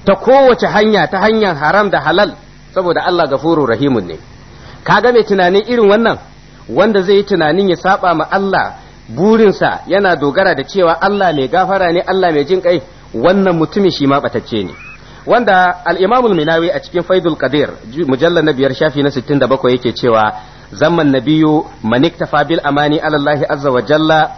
ta kowace hanya ta hanyar haram da halal saboda Allah gafuru rahimun ne kaga mai tunanin irin wannan wanda zai yi tunanin ya saba ma Allah burinsa yana dogara da cewa Allah mai gafara ne Allah mai jin kai wannan mutumin shi ma batacce ne wanda al-imamul minawi a cikin faidul qadir mujallal na biyar shafi na 67 yake cewa zaman nabiyu fa bil amani alallahi azza wa jalla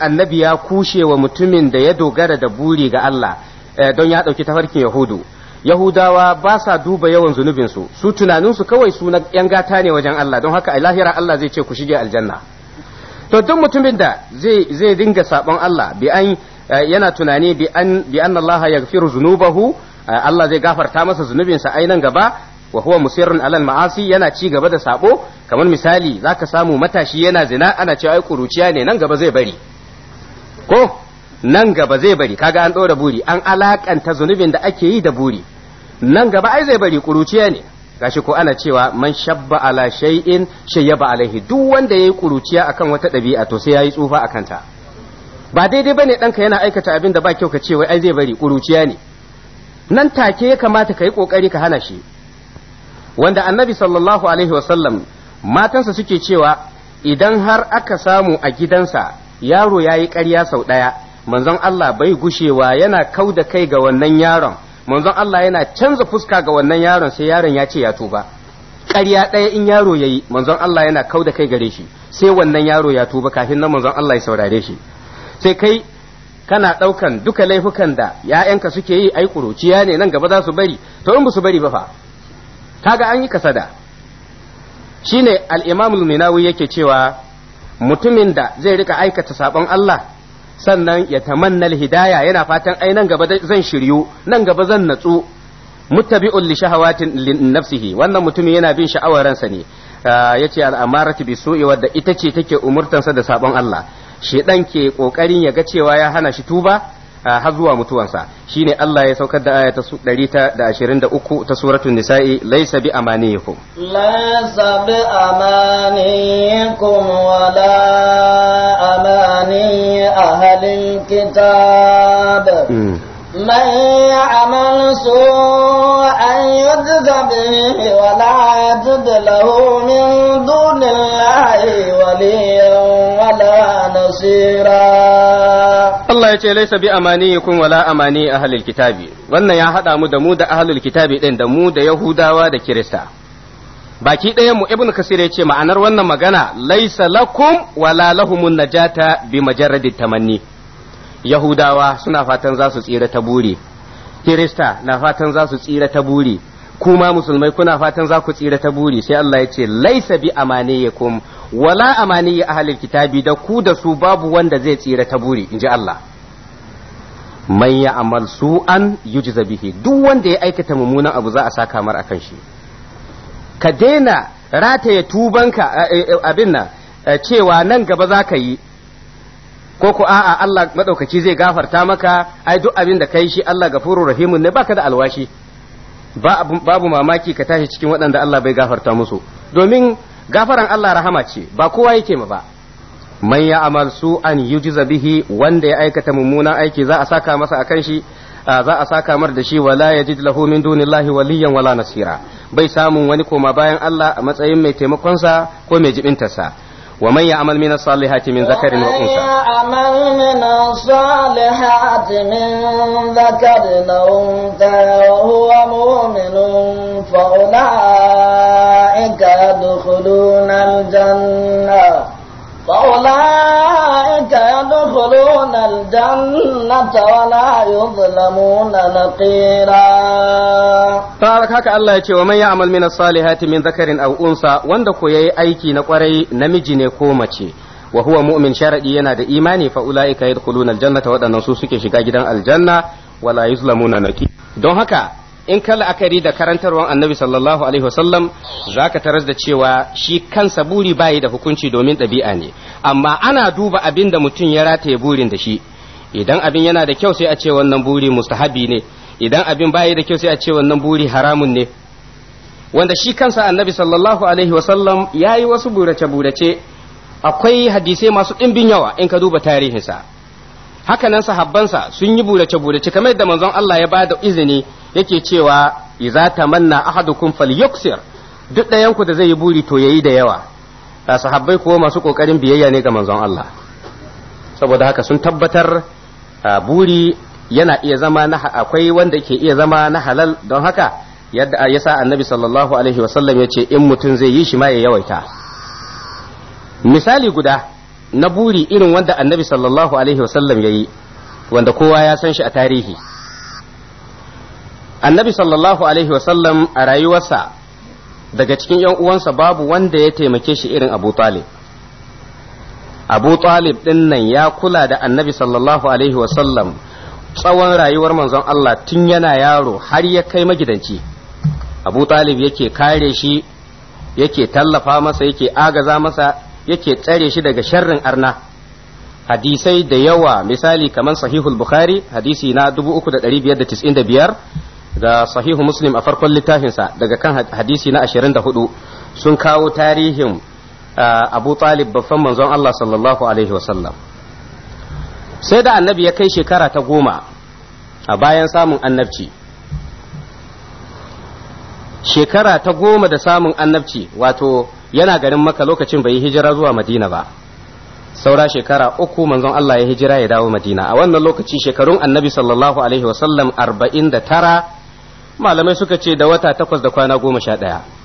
annabi ya kushe wa mutumin da ya dogara da buri ga Allah eh, don ya dauki tafarkin yahudu yahudawa ba sa duba yawan zunubinsu su tunaninsu kawai su na yan gata ne wajen Allah don haka a lahira Allah zai ce ku shige aljanna to duk mutumin da zai dinga sabon Allah bi an Eh, yana tunani bi an bi anna Allah yaghfiru zunubahu eh, Allah zai gafarta masa zunubinsa ai nan gaba wa huwa musirrun alal ma'asi yana ci gaba da sabo kamar misali zaka samu matashi yana zina ana cewa ai kuruciya ne nan gaba zai bari ko nan gaba zai bari kaga an ɗora buri an alakanta zunubin da ake yi da buri nan gaba ai zai bari kuruciya ne gashi ko ana cewa man shabba ala shay'in shayyaba alaihi duk wanda yayi kuruciya akan wata ɗabi'a to sai yayi tsufa akan ta ba daidai ba ne ɗanka yana aikata abin da ba kyau ka ce wai ai zai bari ƙuruciya ne nan take ya kamata ka yi ƙoƙari ka hana shi wanda annabi sallallahu alaihi wasallam matansa suke cewa idan har aka samu a gidansa yaro ya yi ƙarya sau ɗaya manzon Allah bai gushewa yana kau da kai ga wannan yaron manzon Allah yana canza fuska ga wannan yaron sai yaron ya ce ya tuba ƙarya ɗaya in yaro ya yi manzon Allah yana kau da kai gare shi sai wannan yaro ya tuba kafin nan manzon Allah ya saurare shi sai kai kana ɗaukan duka laifukan da ‘ya'yanka suke yi ai ƙuruciya ne nan gaba za su bari to in su bari ba fa kaga an yi kasada shine al-imam al-minawi yake cewa mutumin da zai rika aikata sabon Allah sannan ya tamannal hidaya yana fatan ai nan gaba zan shiryu nan gaba zan natsu muttabi'un li shahawatin nafsihi wannan mutumin yana bin sha'awar ransa ne ah, yace al'amaratu bi bisu'i wadda ita ce take umurtansa da sabon Allah shedan ke kokarin ya ga cewa ya hana shi tuba har zuwa mutuwansa shine Allah ya saukar da aya ta 123 ta suratul nisa'i laysa bi amaniyikum laysa bi amaniyikum wala amani ahlil kitab hmm. من يعمل سوءا يجد به ولا يجد له من دون الله وليا ولا نصيرا Allah ya ce laisa bi kun wala amani ahlul kitabi wannan ya haɗa mu da mu da ahlul kitabi din da mu da yahudawa da kirista baki ɗayan mu ibnu kasir ya ce ma'anar wannan magana laisa lakum wala lahumun najata bi majarradit tamanni yahudawa suna fatan za su tsira ta buri kirista na fatan za su tsira ta buri kuma musulmai kuna fatan za ku tsira ta buri sai Allah ya ce laisa bi amaniyakum wala ya ahlil kitabi da ku da su babu wanda zai tsira ta buri inji Allah man an su'an yujza bihi duk wanda ya aikata mummunan abu za a saka a akan shi ka daina rataye tubanka eh, eh, abin nan eh, cewa nan gaba za ka yi ko ku a'a Allah madaukaki zai gafarta maka ai duk abin da kai shi Allah gafurur rahimun ne baka da alwashi ba babu mamaki ka tashi cikin waɗanda Allah bai gafarta musu domin gafaran Allah rahama ce ba kowa yake ma ba man ya amal su an yujiza bihi wanda ya aikata mummunan aiki za a saka masa akan shi za a saka mar da shi wala yajid lahu min dunillahi waliyan wala nasira bai samun wani koma bayan Allah a matsayin mai taimakon sa ko mai jibintarsa ومن يعمل من الصالحات من ذكر وأنثى ومن يعمل من الصالحات من ذكر وأنثى وهو مؤمن فأولئك يدخلون الجنة فأولئك يدخلون الجنة الصلاة ولا يظلمون ya فارك هكا الله يتي ومن يعمل من الصالحات wanda ذكر أو أنثى وندك يي أيكي نقري نمجي كومتي wa huwa mu'min sharadi yana da imani fa ulaika yadkhuluna aljannata wadannan su suke shiga gidan aljanna wala yuzlamuna naki don haka in ka la'akari da karantarwar annabi sallallahu alaihi wasallam ka taras da cewa shi kansa buri bayi da hukunci domin ɗabi'a ne amma ana duba abin da mutum ya rataye burin da shi idan abin yana da kyau sai a ce wannan buri mustahabi ne idan abin bayi da kyau sai a ce wannan buri haramun ne wanda shi kansa annabi sallallahu alaihi wasallam ya yi wasu burace-burace akwai hadisai masu ɗimbin yawa in ka duba tarihinsa hakanan sahabbansa sun yi burace-burace kamar yadda manzon Allah ya ba da izini yake cewa iza tamanna ahadukum falyuksir duk ɗayan ku da zai yi buri to yayi da yawa sahabbai kuwa masu kokarin biyayya ne ga manzon Allah saboda haka sun tabbatar buri yana iya zama na akwai wanda ke iya zama na halal don haka yadda ya sa annabi sallallahu alaihi wasallam ya ce in mutum zai yi shi ma ya yawaita misali guda na buri irin wanda annabi sallallahu alaihi wasallam ya yi wanda kowa ya san shi a tarihi annabi sallallahu alaihi wasallam a rayuwarsa daga cikin yan uwansa babu wanda ya taimake shi irin abu talib abu talib din nan ya kula da annabi sallallahu alaihi wasallam tsawon rayuwar manzon Allah tun yana yaro har ya kai magidanci abu talib yake kare shi yake tallafa masa yake agaza masa yake tsare shi daga sharrin arna hadisai da yawa misali kamar sahihul bukhari hadisi na 3595 da sahihu muslim a farkon littafinsa daga kan hadisi na 24 sun kawo tarihin abu talib babban manzon Allah sallallahu alaihi wasallam sai da annabi ya kai shekara ta goma a bayan samun annabci shekara ta goma da samun annabci wato yana ganin maka lokacin bai yi hijira zuwa madina ba saura shekara uku manzon Allah ya hijira ya dawo madina a wannan lokaci shekarun annabi sallallahu alaihi wasallam arba'in da tara malamai suka ce da wata takwas da kwana goma sha ɗaya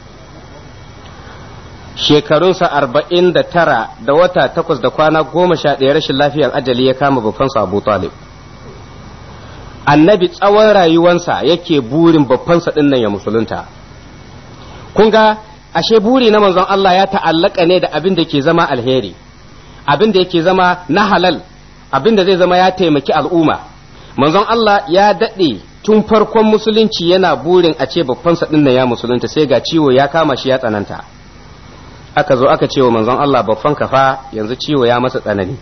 shekarunsa arba'in da tara da wata takwas da kwana goma sha ɗaya rashin lafiyar ajali ya kama sa abu talib annabi tsawon rayuwansa yake burin babbansa ɗin nan ya musulunta kun ga ashe buri na manzon Allah ya ta'allaka ne da abin da ke zama alheri abin da yake zama na halal abin da zai zama ya taimaki al'umma manzon Allah ya daɗe tun farkon musulunci yana burin a ce babbansa ɗin nan ya musulunta sai ga ciwo ya kama shi ya tsananta aka zo aka ce wa manzon Allah babban kafa yanzu ciwo ya masa tsanani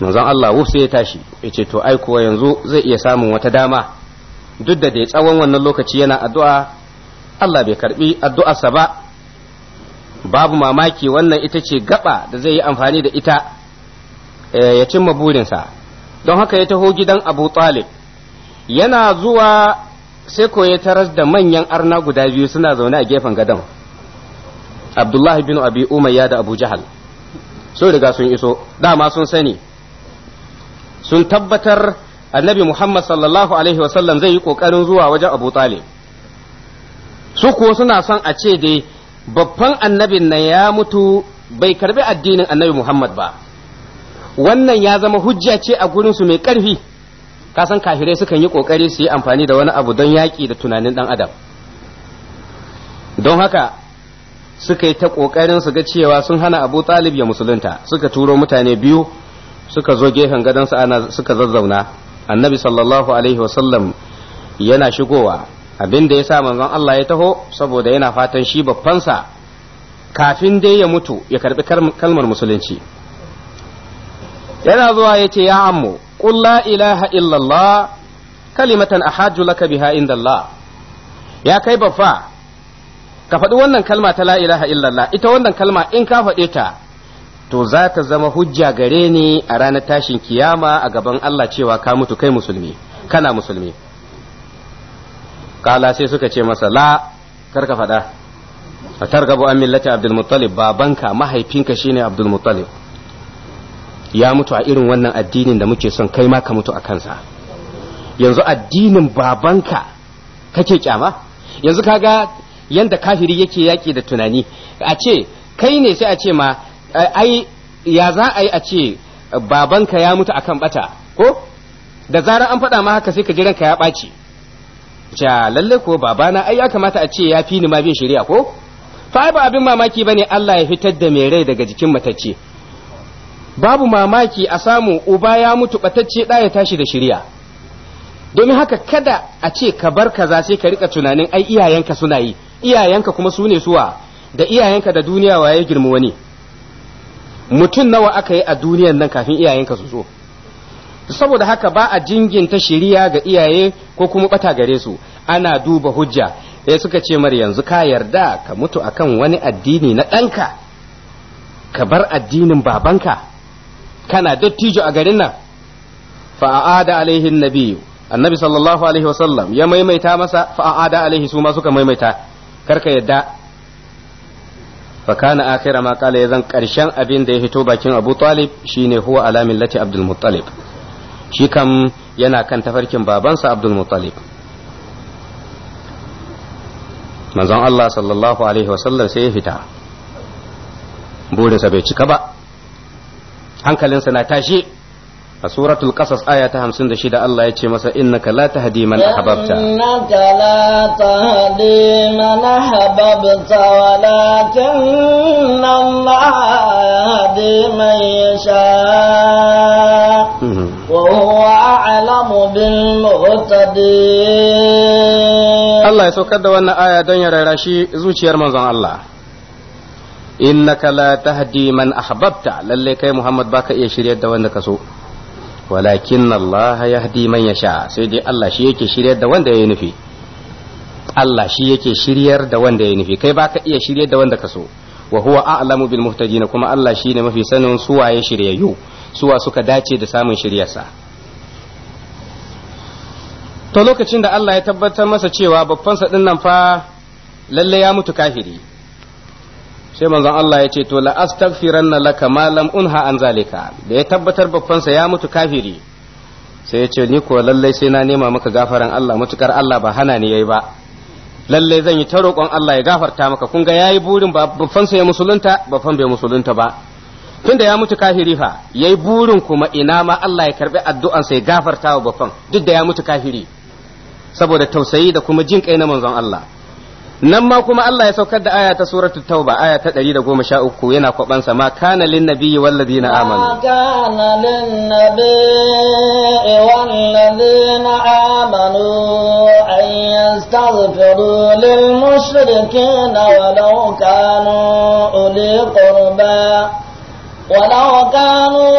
manzon Allah wuf ya tashi ya to ai kuwa yanzu zai iya samun wata dama duk da dai tsawon wannan lokaci yana addu'a Allah bai karbi addu'arsa ba babu mamaki wannan ita ce gaba da zai yi amfani da ita eh, ya cimma burinsa don haka ya taho gidan Abu Talib yana zuwa sai ko ya taras da manyan arna guda biyu suna zaune a gefen gadon abdullahi bin abi umayya da abu jahal so riga sun iso dama sun sani sun tabbatar annabi muhammad sallallahu alaihi wasallam zai yi kokarin zuwa wajen abu talib su kuwa suna son a ce dai babban annabin nan ya mutu bai karbi addinin annabi muhammad ba wannan ya zama hujja ce a gurin su mai karfi kasan kahirai sukan yi kokari su yi amfani da wani abu don yaki da tunanin dan adam don haka suka yi ta ƙoƙarin su ga cewa sun hana Abu Talib ya musulunta suka turo mutane biyu suka zo gefen gadansa ana suka zazzauna annabi sallallahu alaihi wasallam yana shigowa abin da ya sa manzon Allah ya taho saboda yana fatan shi babbansa kafin dai ya mutu ya karbi kalmar musulunci yana zuwa ya ce ya ammu qul la ilaha illallah kalimatan ahajju laka biha indallah ya kai baffa ka faɗi wannan kalma ta la ilaha illallah ita wannan kalma in ka faɗe ta to za ta zama hujja gare ni a ranar tashin kiyama a gaban Allah cewa ka mutu kai musulmi kana musulmi kala sai suka ce masa la kar ka faɗa a targabu an millati abdulmuttalib babanka mahaifinka shine abdul ya mutu a irin wannan addinin da muke son kai ma ka mutu a kansa yanzu addinin babanka kake kyama yanzu kaga yanda kafiri yake yaki da tunani a ce kai ne sai a ce ma ai ya za a yi a ce babanka ya mutu akan bata ko da zarar an faɗa ma haka sai ka ji ranka ya ɓaci ja lalle ko babana ai ya kamata a ce ya fi ni ma bin shari'a ko fa ba abin mamaki bane Allah ya fitar da mai rai daga jikin matacce babu mamaki a samu uba ya mutu batacce ɗa ya tashi da shirya domin haka kada a ce ka bar kaza sai ka rika tunanin ai iyayenka suna yi iyayenka kuma su ne suwa da iyayenka da duniya waye girma wani mutum nawa aka yi a duniyan nan kafin iyayenka su zo saboda haka ba a jinginta shirya ga iyaye ko kuma bata gare su ana duba hujja sai suka ce mar yanzu ka yarda ka mutu akan wani addini na ɗanka ka bar addinin babanka kana dattijo a garin nan fa'ada alaihin nabiyu annabi sallallahu alaihi wasallam ya maimaita masa fa'ada alaihi su ma suka maimaita karka yadda fa kana akhira ma qala yazan karshen abin da ya fito bakin Abu Talib shine huwa alamin millati Abdul Muttalib shi kam yana kan tafarkin babansa Abdul Muttalib manzon Allah sallallahu alaihi wasallam sai ya fita burinsa bai cika ba hankalinsa na tashi a suratul qasas aya ta shida Allah ya ce masa innaka la tahdi man ahbabta innaka la tahdi man ahbabta walakin Allah yahdi man yasha mhm. wa huwa a'lamu bil muhtadin Allah ya saukar da wannan aya don ya rarashi zuciyar manzon Allah innaka la tahdi man ahbabta lalle kai Muhammad baka iya shiryar da wanda ka so walakin Allah ya yahdi man sha sai dai Allah shi yake shiryar da wanda ya nufi Allah shi yake shiryar da wanda ya nufi kai baka iya shiryar da wanda ka so wa huwa a'lamu bil muhtajin kuma Allah shi ne mafi sanin suwa ya shiryayyu suwa suka dace da samun shiryarsa to lokacin da Allah ya tabbatar masa cewa babban sa din nan fa lalle ya mutu kafiri sai manzon Allah ya ce to la astaghfiranna laka ma lam unha an zalika da ya tabbatar babbansa ya mutu kafiri sai ya ce ni ko lallai sai na nema maka gafaran Allah mutukar Allah ba hana ni yayi ba lallai zan yi ta roƙon Allah ya gafarta maka kun ga yayi burin ba babbansa ya musulunta babban bai musulunta ba tunda ya mutu kafiri fa yayi burin kuma ina ma Allah ya karbi addu'ansa ya gafarta wa babban duk da ya mutu kafiri saboda tausayi da kuma jin kai na manzon Allah nan ma kuma Allah ya saukar da aya ta suratu tauba aya ta uku yana kwabansa ma kana lin nabiyyi wal ladina amanu kana lin nabiyyi wal ladina amanu an yastaghfiru lil mushrikeena walau kanu uli qurbaa ولو كانوا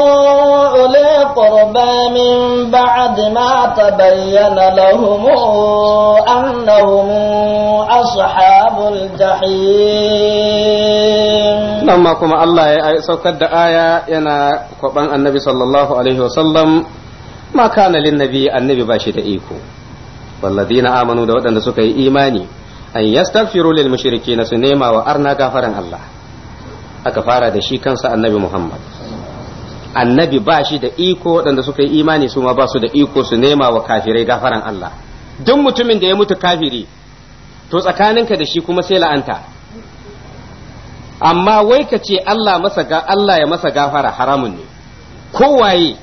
أولي قربى من بعد ما تبين لهم أنهم أصحاب الجحيم لما كما الله سوكد آية ينا قبان النبي صلى الله عليه وسلم ما كان للنبي النبي باشد إيكو والذين آمنوا دوتا سكي إيماني أن يستغفروا للمشركين سنيما وأرنا كافرا الله aka fara da shi kansa annabi Muhammad annabi ba shi da iko waɗanda suka yi imani su ma ba su da iko su nema wa kafirai gafaran Allah duk mutumin da ya mutu kafiri to tsakaninka da shi kuma sai la'anta amma wai ka ce Allah Allah ya masa gafara haramun ne kowaye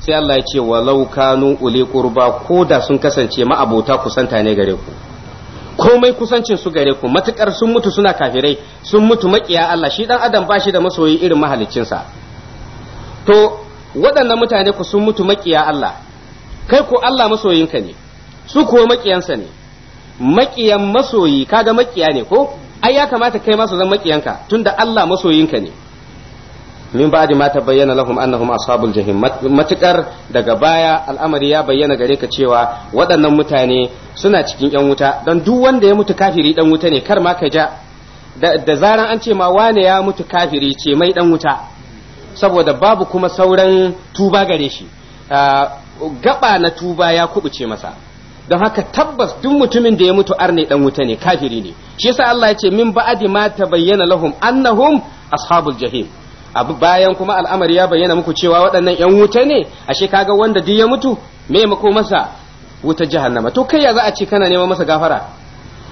sai Allah ya ce walau kanu uli qurba ko da sun kasance ma'abota kusanta ne gare ku komai kusancin su gare ku matukar sun mutu suna kafirai sun mutu makiya Allah shi dan adam bashi da masoyi irin mahaliccinsa to waɗannan mutane ku sun mutu makiya Allah kai ko Allah masoyinka ne su kuwa makiyansa ne makiyan masoyi kaga makiya ne ko ai ya kamata kai masu su zama makiyanka tunda Allah masoyinka ne min ba'di ma bayyana lahum annahum ashabul jahim matukar daga baya al'amari ya bayyana gare ka cewa waɗannan mutane suna cikin yan wuta don duk wanda ya mutu kafiri dan wuta ne kar ma ka ja da zaran an ce ma wane ya mutu kafiri ce mai dan wuta saboda babu kuma sauran tuba gare shi gaba na tuba ya kubuce masa don haka tabbas duk mutumin da ya mutu arne dan wuta ne kafiri ne shi yasa Allah ya ce min ba'adi ma bayyana lahum annahum ashabul jahim abu bayan kuma al'amari ya bayyana muku cewa waɗannan yan wuta ne ashe kaga wanda duk ya mutu me mako masa wuta jahannama to kai ya za a ce kana neman masa gafara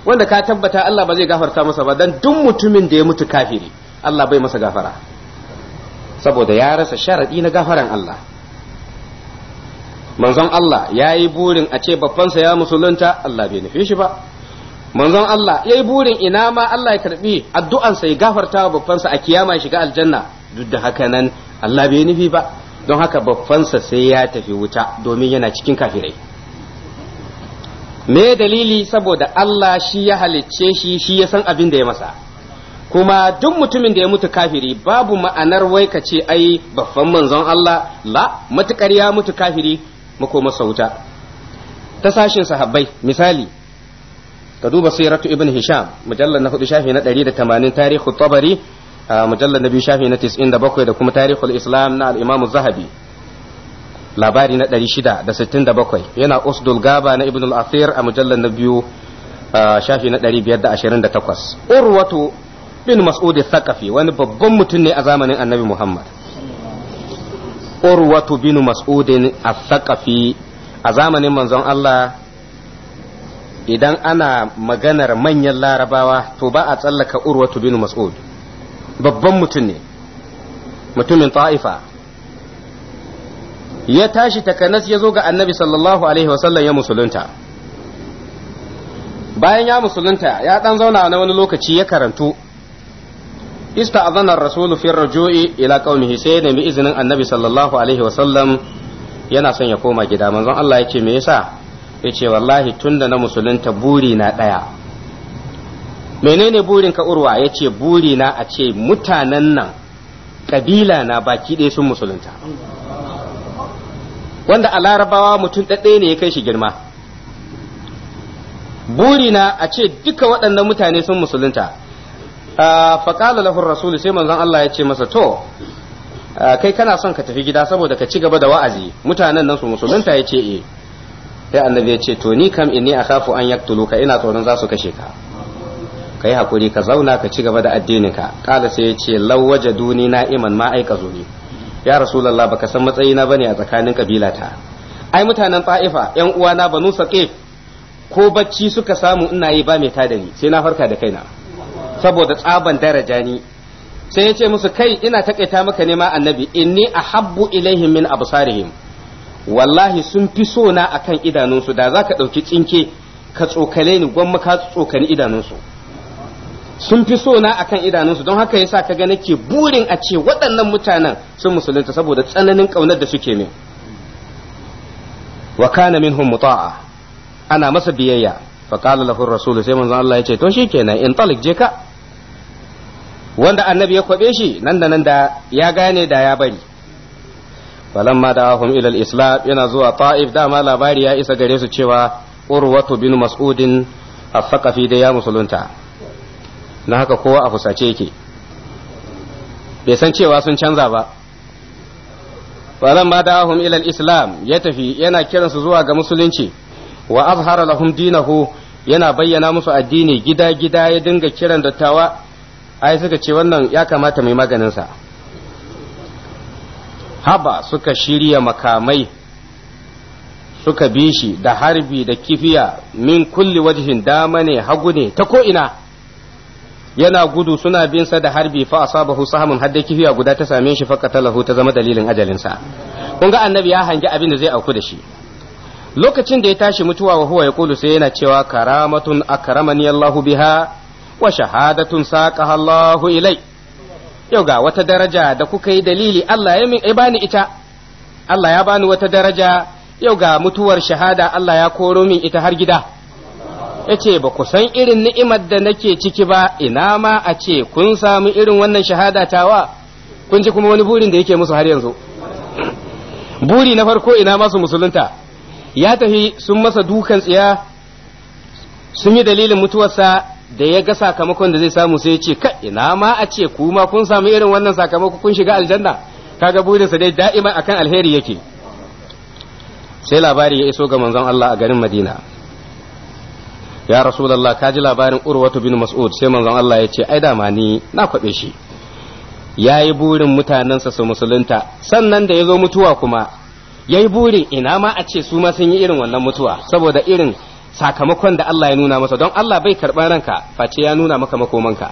wanda ka tabbata Allah ba zai gafarta masa ba dan duk mutumin da ya mutu kafiri Allah bai masa gafara saboda ya rasa sharadi na gafaran Allah manzon Allah ya yi burin a ce babbansa ya musulunta Allah bai nufi shi ba manzon Allah ya yi burin ina ma Allah ya karbi addu'ansa ya gafarta wa babbansa a kiyama shiga aljanna duk da haka nan Allah bai nufi ba don haka babbansa sai ya tafi wuta domin yana cikin kafirai me dalili saboda Allah shi ya halicce shi shi ya san abin da ya masa kuma duk mutumin da ya mutu kafiri babu ma'anar wai ka ce ai babban manzon Allah la matukar ya mutu kafiri masa wuta ta sashin sahabbai misali ka duba siratu ibn hisham mujallar na hudu shafi na 180 tarihi tabari mujallar na biyu shafi na 97 da kuma tarihul islam na al-imamu zahabi labari na 667 yana usdul gaba na ibn al-athir a mujallar na biyu shafi na 528 urwatu bin mas'ud thaqafi wani babban mutum ne a zamanin annabi muhammad urwatu bin mas'ud thaqafi a zamanin manzon Allah idan ana maganar manyan larabawa to ba a tsallaka urwatu bin mas'ud babban mutum ne mutumin ta'ifa ya tashi takanas ya zo ga annabi sallallahu alaihi wasallam ya musulunta bayan ya musulunta ya dan zauna na wani lokaci ya karantu ista'azana rasulu fi rujui ila qaumihi sai da bi izinin annabi sallallahu alaihi wasallam yana son ya koma gida manzon Allah ya ce me yasa yace wallahi wallahi tunda na musulunta buri na daya menene burin ka urwa ya ce burina a ce mutanen nan kabila na baki ɗaya sun musulunta wanda a larabawa mutum ɗaɗɗaya ne ya kai shi girma burina a ce duka waɗannan mutane sun musulunta faƙala lahur rasulu sai manzon Allah ya ce masa to kai kana son ka tafi gida saboda ka ci gaba da wa'azi mutanen nan su musulunta ya ce eh sai annabi ya ce to ni kam inni akhafu an yaktuluka ina tsoron za su kashe ka ka yi hakuri ka zauna ka ci gaba da addininka kala sai ya ce lau waje duni na iman ma aika ne ya ba baka san matsayina bane a tsakanin kabilata ai mutanen ta'ifa yan uwana banu saqif ko bacci suka samu ina yi ba mai tada ni sai na farka da kaina saboda tsaban daraja ni sai ya ce musu kai ina takaita maka nema annabi inni ahabbu ilaihim min absarihim wallahi sun fi so na akan idanunsu da zaka dauki tsinke ka tsokale ni gwamma ka tsokani idanunsu sun fi so na akan idanunsu don haka yasa kaga nake burin a ce waɗannan mutanen sun musulunta saboda tsananin ƙaunar da suke min wa kana minhum muta'a ana masa biyayya fa qala lahu rasul sai manzon Allah ya ce to shikenan in talik je ka wanda annabi ya kwabe shi nan da nan da ya gane da ya bari falamma da'ahum ila al-islam yana zuwa ta'if dama labari ya isa gare su cewa urwatu bin mas'udin Asakafi da ya musulunta na haka kowa a fusace yake bai san cewa sun canza ba falamma da'ahum ila islam ya tafi yana kiransu zuwa ga musulunci wa azhara lahum dinahu yana bayyana musu addini gida gida ya dinga kiran dattawa ai suka ce wannan ya kamata mai maganin sa haba suka shirya makamai suka bi shi da harbi da kifiya min kulli wajhin dama ne hagu ne ta ko ina yana gudu suna bin sa da harbi fa asabahu sahamun hadda kifiya guda ta same shi ta zama dalilin ajalinsa. kun ga annabi ya hangi abin da zai auku da shi lokacin da ya tashi mutuwa wa huwa Kulu sai yana cewa karamatun akramani Allahu biha wa shahadatun saqaha Allahu ilai yau ga wata daraja da kuka yi dalili Allah ya bani ita Allah ya bani wata daraja yau ga mutuwar shahada Allah ya koro min ita har gida ce ba ku san irin ni'imar da nake ciki ba ina ma a ce kun samu irin wannan shahada tawa kun ji kuma wani burin da yake musu har yanzu buri na farko ina masu musulunta ya tafi sun masa dukan tsiya sun yi dalilin mutuwarsa da ya ga sakamakon da zai samu sai ya ce ka ina ma a ce kuma kun samu irin wannan sakamako kun shiga aljanna kaga burinsa dai daima akan alheri yake sai labari ya iso ga manzon Allah a garin Madina ya rasulullah ka ji labarin urwatu bin mas'ud sai manzon Allah ya ce ai dama ni na kwabe shi yayi burin mutanensa su musulunta sannan da ya zo mutuwa kuma yayi burin ina ma a ce su ma sun yi irin wannan mutuwa saboda irin sakamakon da Allah ya nuna masa don Allah bai karɓar ranka face ya nuna maka makomanka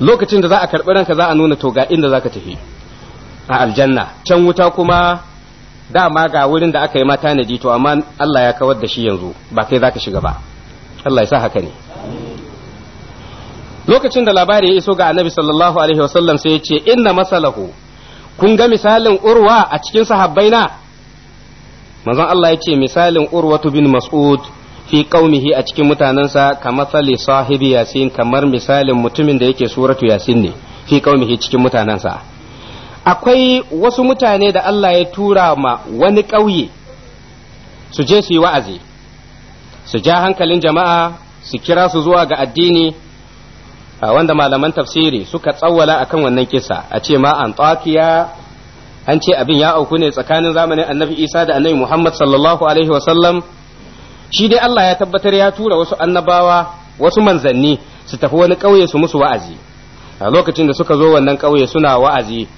lokacin da za a karɓi ranka za a nuna to ga inda za ka tafi a aljanna can wuta kuma dama ga wurin da aka yi mata ne to amma Allah ya kawar da shi yanzu ba kai za ka shiga ba Allah ya sa haka ne lokacin da labari ya iso ga annabi sallallahu alaihi wasallam sai ya ce inna masalahu kun ga misalin urwa a cikin sahabbaina manzon Allah ya ce misalin urwatu bin mas'ud fi qaumihi a cikin mutanansa kamar sali sahibi yasin kamar misalin mutumin da yake suratu yasin ne fi qaumihi cikin mutanansa akwai wasu mutane da Allah ya tura ma wani ƙauye su je su yi wa'azi su ja hankalin jama'a su kira su zuwa ga addini a wanda malaman tafsiri suka tsawwala akan wannan kisa a ce ma an tsakiya an ce abin ya auku ne tsakanin zamanin annabi isa da annabi muhammad sallallahu alaihi wasallam shi dai allah ya tabbatar ya tura wasu annabawa wasu manzanni su tafi wani ƙauye su musu wa'azi a lokacin da suka zo wannan ƙauye suna wa'azi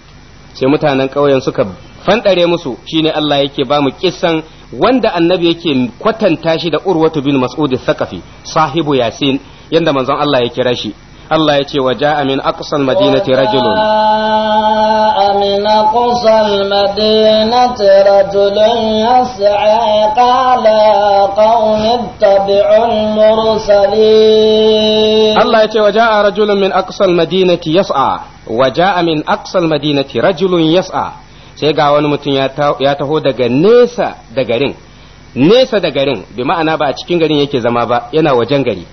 sai mutanen ƙauyen suka fanɗare musu shine allah yake ba mu kissan wanda annabi yake kwatanta shi da urwatu bin mas'ud sakafi sahibu yasin yanda manzon Allah ya kira shi Allah ya ce wa ja'a min aqsal madinati rajulun min aqsal madinati rajulun yas'a qala qaumi tabi'ul mursalin Allah ya ce wa ja'a rajulun min aqsal madinati yas'a wa ja'a min aqsal madinati rajulun yas'a sai ga wani mutum ya taho daga nesa da garin nesa da garin bi ma'ana ba a cikin garin yake zama ba yana wajen gari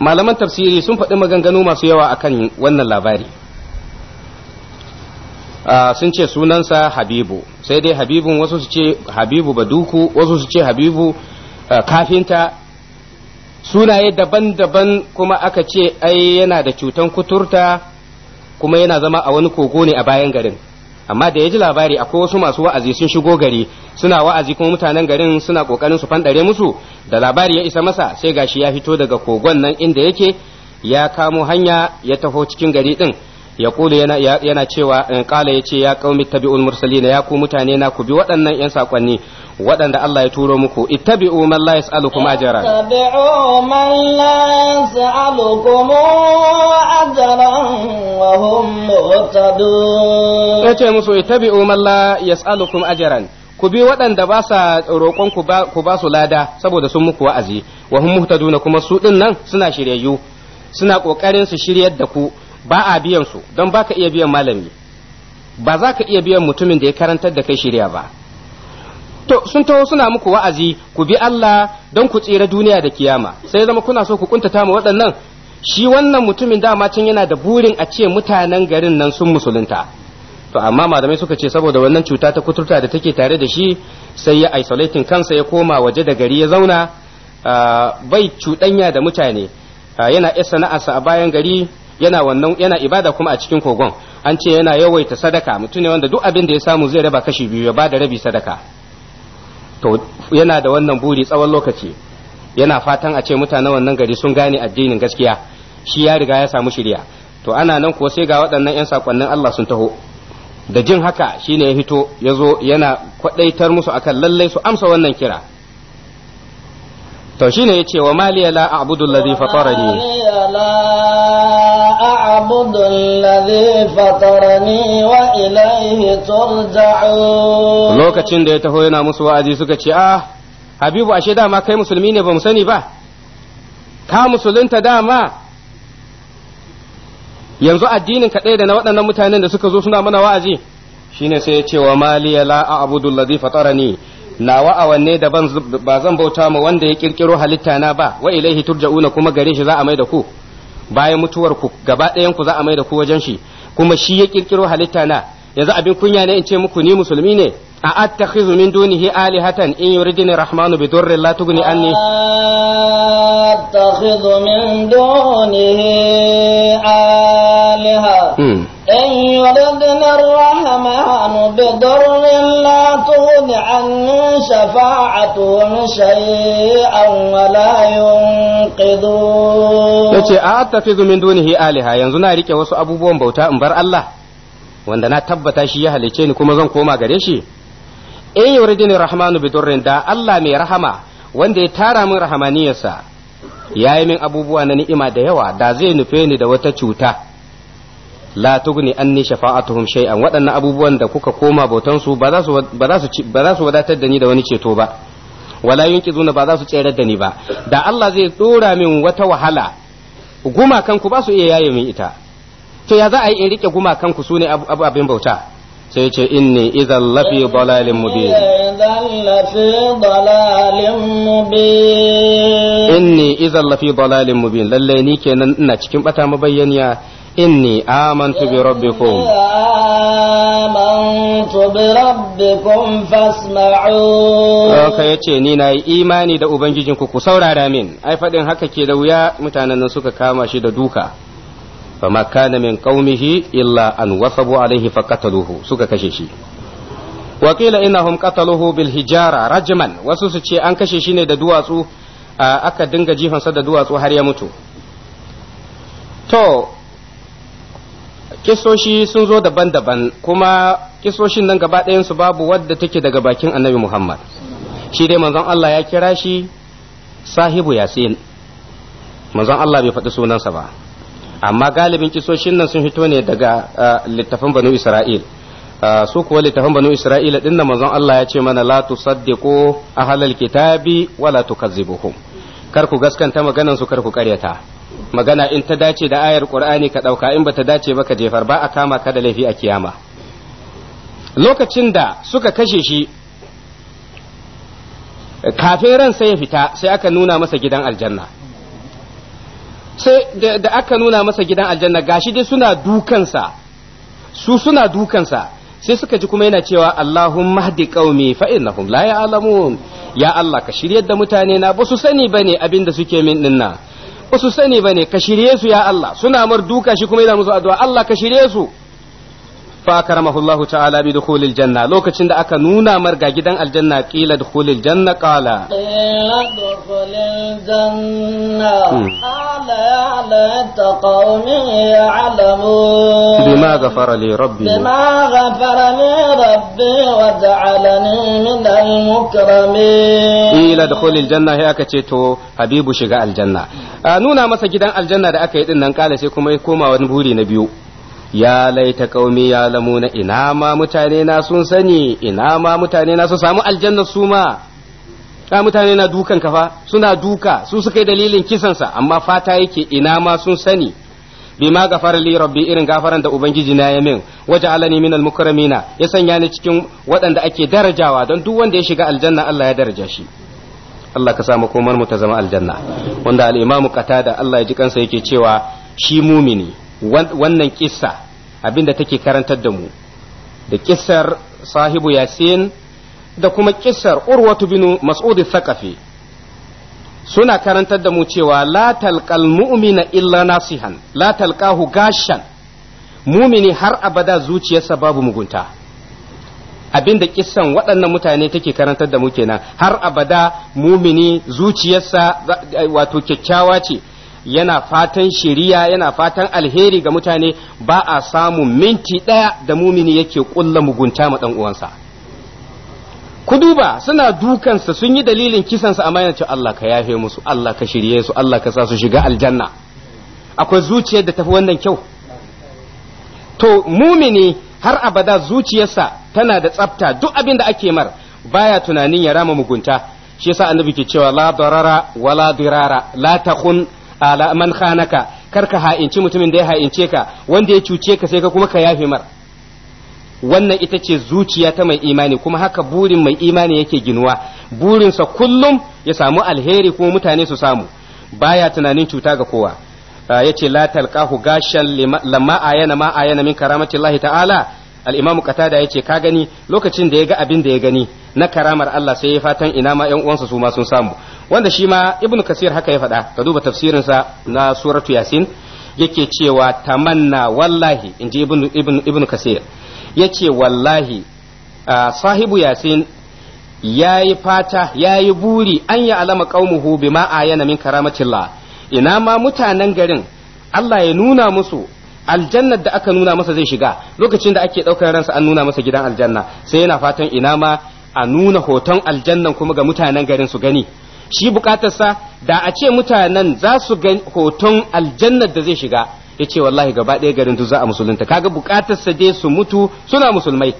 malaman tafsiri sun faɗi maganganu masu yawa akan wannan labari sun ce sunansa habibu sai dai habibun wasu su ce habibu baduku wasu su ce habibu kafinta sunaye daban-daban kuma aka ce ai yana da cutan kuturta kuma yana zama a wani kogo ne a bayan garin amma da ya ji labari akwai wasu masu wa'azi sun shigo gari suna wa'azi kuma mutanen garin suna kokarin su fanɗare musu da labari ya isa masa sai gashi ya fito daga kogon nan inda yake ya kamo hanya ya taho cikin gari din ya yana yana cewa in eh, qala yace ya kaumi tabi'ul mursalin ya ku mutane na ku bi waɗannan yan sakonni waɗanda Allah ya turo muku ittabi'u man la yas'alukum ajran tabi'u man la yas'alukum ajran wa hum muhtadun yace musu ittabi'u man la yas'alukum ajran ku bi waɗanda ba sa roƙon ku ba su lada saboda sun muku wa'azi wa hum muhtaduna kuma su ɗin nan suna shiryayyu suna ƙoƙarin su shiryar da ku ba a biyan su don ba ka iya biyan malami ba za ka iya biyan mutumin da ya karantar da kai shirya ba to sun taho suna muku wa'azi ku bi Allah don ku tsira duniya da kiyama sai zama kuna so ku kuntata ma waɗannan shi wannan mutumin dama can yana da burin a ce mutanen garin nan sun musulunta to amma malamai suka ce saboda wannan cuta ta kuturta da take tare da shi sai ya isolating kansa ya koma waje da gari ya zauna ah, bai cuɗanya da mutane ah, yana iya sana'arsa a bayan gari yana wannan yana ibada kuma a cikin kogon an ce yana yawaita sadaka mutum ne wanda duk abin da ya samu zai raba kashi biyu ya bada rabi sadaka to yana da wannan buri tsawon lokaci yana fatan a ce mutanen wannan gari sun gane addinin gaskiya shi ya riga ya samu shirya to ana nan kuwa sai ga waɗannan 'yan sakonnin Allah sun taho da jin haka shine ya fito ya zo yana kwaɗaitar musu akan lallai su amsa wannan kira to shine yace wa maliya la a'budu alladhi fatarani la a'budu alladhi fatarani wa ilayhi lokacin da ya taho yana musu wa'azi suka ce ah habibu ashe dama kai musulmi ne mu sani ba ka musulunta dama yanzu addinin kaɗai da na waɗannan mutanen da suka zo suna mana wa'azi shine sai ya ce wa maliya la a'budu alladhi fatarani nawa a wanne da ba zan bauta ma wanda ya kirkiro halitta na ba wa ilaihi turja'una kuma gare shi za a mai da ku bayan mutuwar ku gaba ɗayan ku za a mai da ku wajen shi kuma shi ya kirkiro halitta na yanzu abin kunya ne in ce muku ni musulmi ne a attakhidhu min dunihi alihatan in yuridni rahmanu bi durrin la tughni anni attakhidhu min dunihi aliha in yuridni arrahmanu bi durrin la tughni anni shafa'atuhum shay'an wa la yunqidun yace attakhidhu min dunihi aliha yanzu na rike wasu abubuwan bauta in bar Allah wanda na tabbata shi ya halice ni kuma zan koma gare shi in yuridini rahmanu bidurrin da Allah mai rahama wanda ya tara min rahamaniyarsa ya yi min abubuwa na ni'ima da yawa da zai nufe ni da wata cuta la tugni anni shafa'atuhum shay'an waɗannan abubuwan da kuka koma bautan su ba za su wadatar da ni da wani ceto ba wala yunqizuna ba za su tsere da ni ba da Allah zai dora min wata wahala gumakan ku ba su iya yaye min ita to ya za a yi in rike gumakan ku sune abin bauta sai ce inni idan lafi dalalin mubin inni idan lafi dalalin mubin lalle ni kenan ina cikin bata mabayyaniya inni amantu bi rabbikum amantu bi rabbikum fasma'u ka yace ni na yi imani da ubangijinku ku saurara min ai fadin haka ke da wuya mutanen nan suka kama shi da duka fama kana min qaumihi illa an wasabu alaihi faqataluhu suka kashe shi wa ina innahum qataluhu bil hijara rajman wasu su ce an kashe shi ne da duwatsu aka dinga jifansa da duwatsu har ya mutu to kisoshi sun zo daban-daban kuma kisoshin nan gaba su babu wadda take daga bakin annabi Muhammad shi dai manzon Allah ya kira shi sahibu yasin manzon Allah bai faɗi sunansa ba amma galibin kisoshin nan sun fito ne daga littafin banu isra'il su kuwa littafin banu isra'ila din manzon Allah ya ce mana la tusaddiqu ahlal kitabi wala tukazzibuhum kar ku gaskanta maganan su kar ku karyata magana in ta dace da ayar qur'ani ka dauka in bata dace ba ka jefar ba a kama ka da laifi a kiyama lokacin da suka kashe shi kafin ran sai ya fita sai aka nuna masa gidan aljanna sai da aka nuna masa gidan aljanna gashi dai suna dukansa su suna dukansa sai suka ji kuma yana cewa Allahumma hadi qaumi fa innahum la ya'lamun ya Allah ka shiryar da mutane na ba su sani bane abin da suke min dinna ba su sani bane ka shirye su ya Allah suna mar duka shi kuma yana musu addu'a Allah ka shirye su fa karamahullahu ta'ala bi dukhulil janna lokacin da aka nuna mar gidan aljanna qila dukhulil janna qala qila dukhulil janna hmm. qala ya laita qaumi ya'lamun bima ghafara li rabbi bima ghafara li rabbi wa ja'alani min al mukramin qila dukhulil janna sai aka ce to habibu shiga aljanna nuna masa gidan aljanna da aka yi din nan kala sai kuma koma wani buri na biyu ya laita kaumi ya lamuna ina ma mutane na sun sani ina ma mutane na sun samu aljanna su ma ka mutane na dukan kafa suna duka su suka yi dalilin kisansa amma fata yake ina ma sun sani Bi ma gafar li rabbi irin gafaran da ubangiji na ya min waje alani min mukarramina ya sanya ni cikin waɗanda ake darajawa don duk wanda ya shiga aljanna Allah ya daraja shi Allah ka samu komar mu ta zama aljanna wanda al-imamu qatada Allah ya ji kansa yake cewa shi mumini wannan kissa abinda take karantar da mu da kissar sahibu yasin da kuma kissar urwatu bin mas'ud thaqafi suna karantar da mu cewa la talqal mu'mina illa nasihan la talqahu gashan mumini har abada zuciyarsa babu mugunta abinda kissan waɗannan mutane take karantar da mu kenan har abada mumini zuciyarsa wato kyakkyawa ce yana fatan shiriya yana fatan alheri ga mutane ba a samu minti ɗaya da mumini yake ƙulla mugunta ma ɗan uwansa ku duba suna dukansa sun yi dalilin kisansa amma yana ce Allah ka yafe musu Allah ka shirye su Allah ka sa su shiga aljanna akwai zuciyar da tafi wannan kyau to mumini har abada zuciyarsa tana da tsafta duk abin da ake mar baya tunanin ya rama mugunta shi yasa annabi ke cewa la darara wala dirara la takun ala man khanaka kar ka ha'inci mutumin da ya ha'ince ka wanda ya cuce ka sai ka kuma ka yafe mar wannan ita ce zuciya ta mai imani kuma haka burin mai imani yake ginuwa burinsa kullum ya samu alheri kuma mutane su samu baya tunanin cuta ga kowa yace la talqahu gashan lamma ayana ma ayana min karamatillahi ta'ala al-imamu ya ce ka gani lokacin da ya ga abin da ya gani na karamar Allah sai ya fatan ina ma ƴan uwansa su ma sun samu wanda shi ma ibnu kasir haka ya faɗa ka duba tafsirin sa na suratu yasin yake cewa tamanna wallahi inji ibnu ibnu ibnu kasir yace wallahi sahibu yasin ya yi fata ya yi buri an ya alama qaumuhu bima ayana min karamatillah ina ma mutanen garin Allah ya nuna musu aljannar da aka nuna masa zai shiga lokacin da ake ɗaukar ransa an nuna masa gidan aljanna sai yana fatan ina ma a nuna hoton aljannan kuma ga mutanen garin su gani shi bukatarsa da a ce mutanen za su ga hoton aljannar da zai shiga ya ce wallahi gaba ɗaya garin duk za a musulunta kaga bukatarsa dai su mutu suna musulmai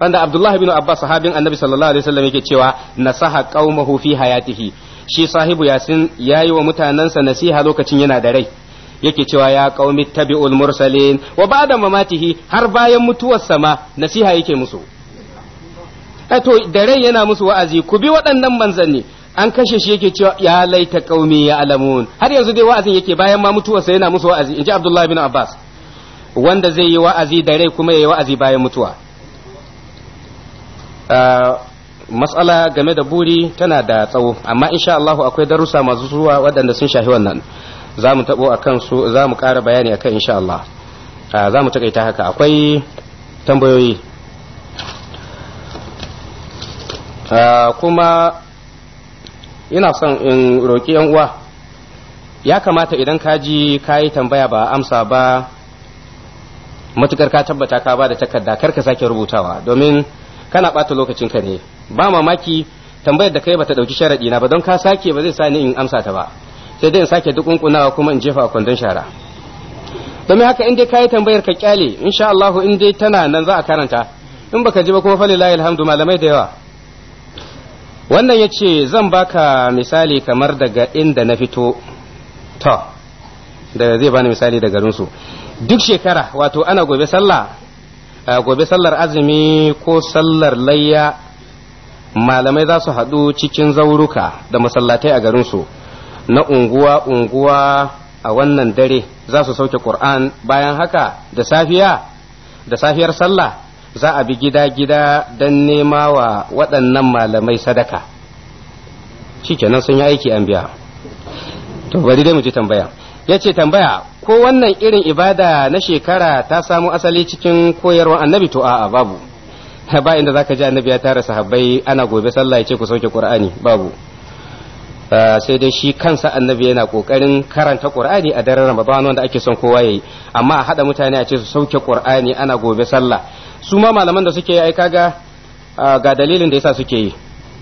wanda Abdullah bin Abbas sahabin Annabi sallallahu alaihi wasallam yake cewa nasaha qaumahu fi hayatihi shi sahibu yasin yayi wa mutanansa nasiha lokacin yana da rai yake cewa ya qaumi tabi'ul mursalin wa ba'da mamatihi har bayan mutuwar sama nasiha yake musu eh to da rai yana musu wa'azi ku bi waɗannan manzanni an kashe shi yake cewa ya laita qaumi ya alamun har yanzu dai wa'azin yake bayan ma mutuwar mutuwarsa yana musu wa'azi inji Abdullahi bin Abbas wanda zai yi wa'azi da rai kuma ya yi wa'azi bayan mutuwa ah, matsala game da buri tana da tsawo amma insha Allah akwai darussa masu zuwa waɗanda sun shafi wannan za mu tabo a kansu za mu ƙara bayani a akan insha Allah za mu taƙaita haka akwai tambayoyi kuma ina son in roƙi yan uwa ya kamata idan ka ji ka yi tambaya ba amsa ba matukar ka tabbata ka ba da takarda kar ka sake rubutawa domin kana ɓata ka ne ba mamaki tambayar da kai ba ta ɗauki sharaɗi na ba don ka sake ba zai sa ni in amsa ta ba sai dai in sake dukunkunawa kuma in jefa a kwandon shara domin haka in dai kayi tambayar ka kyale in sha Allah in dai tana nan za a karanta in baka ji ba kuma falilahi alhamdu malamai da yawa wannan ya ce zan baka misali kamar daga inda na fito to da zai bani misali da garinsu duk shekara wato ana gobe sallah gobe sallar azumi ko sallar layya malamai za su haɗu cikin zauruka da masallatai a garinsu na unguwa-unguwa a wannan dare za su sauke Qur'an bayan haka da safiya da safiyar sallah za a bi gida-gida don nema wa waɗannan malamai sadaka shi kenan sun yi aiki an biya to bari dai mu ji tambaya ya ce tambaya ko wannan irin ibada na shekara ta samu asali cikin koyarwar annabi to a'a babu ba inda za ka ji annabi ya tara sahabbai ana gobe sallah ya ce ku sauke Qur'ani babu Eh, sai dai shi kansa annabi yana kokarin karanta qur'ani a daren ramadan wanda ake son kowa yayi amma a hada mutane a ce su sauke qur'ani ana gobe sallah su ma malaman da suke yi ai kaga eh, ga dalilin da yasa suke yi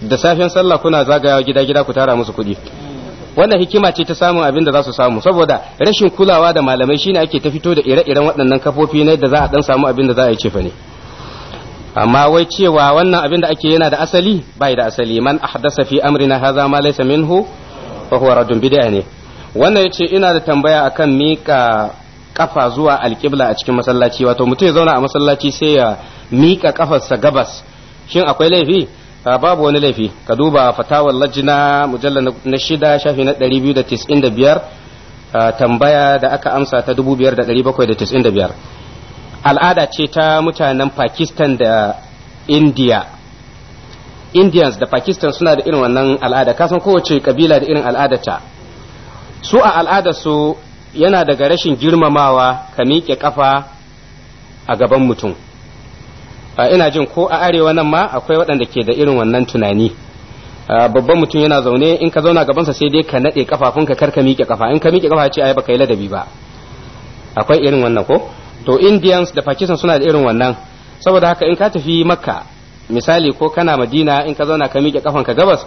da safiyan sallah kuna zagayawa gida gida ku tara musu kuɗi wannan hikima ce ta samun abin da za su samu saboda rashin kulawa da malamai shine ake ta fito da ire-iren waɗannan kafofi ne da za a dan samu abin da za a yi cefa ne amma wai cewa wannan abin da ake yana da asali bai da asali man ahdasa fi amrina haza ma laysa minhu fa huwa raddun bid'a ne wannan yace ina da tambaya akan mika kafa zuwa alqibla a cikin masallaci wato mutum ya zauna a masallaci sai ya mika kafarsa gabas shin akwai laifi babu wani laifi ka duba fatawar lajina mujallar na shida shafi na 295 tambaya da aka amsa ta 2795 al'ada ce ta mutanen Pakistan da India Indians da Pakistan suna da irin wannan al'ada kasan kowace kabila da irin al'adata su a al'ada su yana daga rashin girmamawa ka miƙe ƙafa a gaban mutum ina jin ko a arewa nan ma akwai waɗanda ke da irin wannan tunani babban mutum yana zaune in ka zauna gabansa sai dai ka naɗe kafafunka kar ka miƙe kafa in ka miƙe kafa ce ai baka yi ladabi ba akwai irin wannan ko to indians da pakistan suna da irin wannan saboda haka in ka tafi makka misali ko kana madina in ka zauna ka miƙe kafanka gabas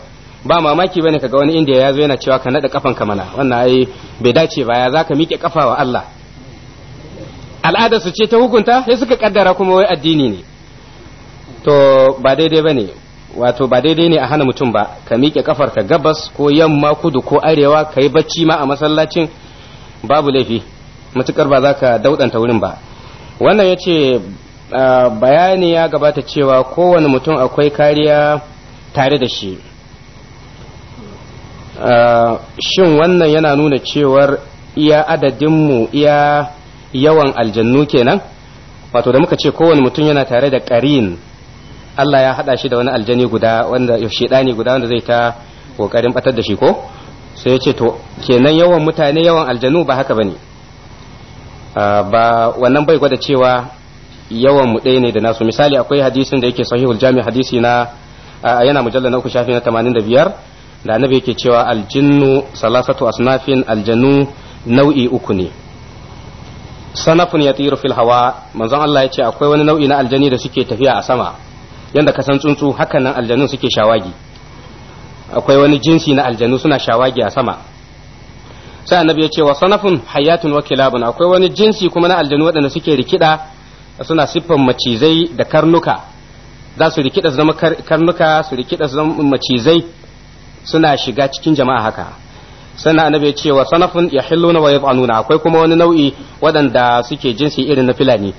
ba mamaki bane kaga wani indiya yazo yana cewa ka nada kafanka mana wannan ai bai dace ba ya za ka miƙe kafa wa allah al'adarsu ce ta hukunta sai suka kaddara kuma wai addini ne to ba daidai bane wato ba daidai ne a hana mutum ba ka miƙe kafar ka gabas ko yamma kudu ko arewa ka yi bacci ma a masallacin babu laifi matukar ba za ka daudanta wurin ba wannan ya ce bayani ya gabata cewa kowane mutum akwai kariya tare da shi shin wannan yana nuna cewar iya adadinmu iya yawan aljannu kenan wato da muka ce kowane mutum yana tare da ƙarin Allah ya haɗa shi da wani aljani guda wanda shiɗani guda wanda zai ta ƙoƙarin batar da shi ko sai ya ce to kenan yawan mutane yawan aljanu ba haka bane Ah, ba wannan bai gwada cewa yawan mu ɗaya ne da nasu misali akwai hadisin da yake sahihul jami hadisi na yana mujallar na uku shafi na tamanin da biyar da annabi yake cewa aljinnu salasatu asnafin aljanu nau'i uku ne sanafun ya tsira fil hawa manzon Allah ya ce akwai wani nau'i na aljani da suke tafiya a sama yadda ka san tsuntsu hakanan aljanun suke shawagi akwai wani jinsi na aljanu suna shawagi a sama sai annabi ya ce wa sanafun hayatun wa kilabun akwai wani jinsi kuma na aljanu waɗanda suke rikida suna siffan macizai da karnuka za su rikida zama karnuka su rikida zama macizai suna shiga cikin jama'a haka sannan annabi ya ce wa sanafun hilluna wa yad'anuna akwai kuma wani nau'i waɗanda suke jinsi irin na filani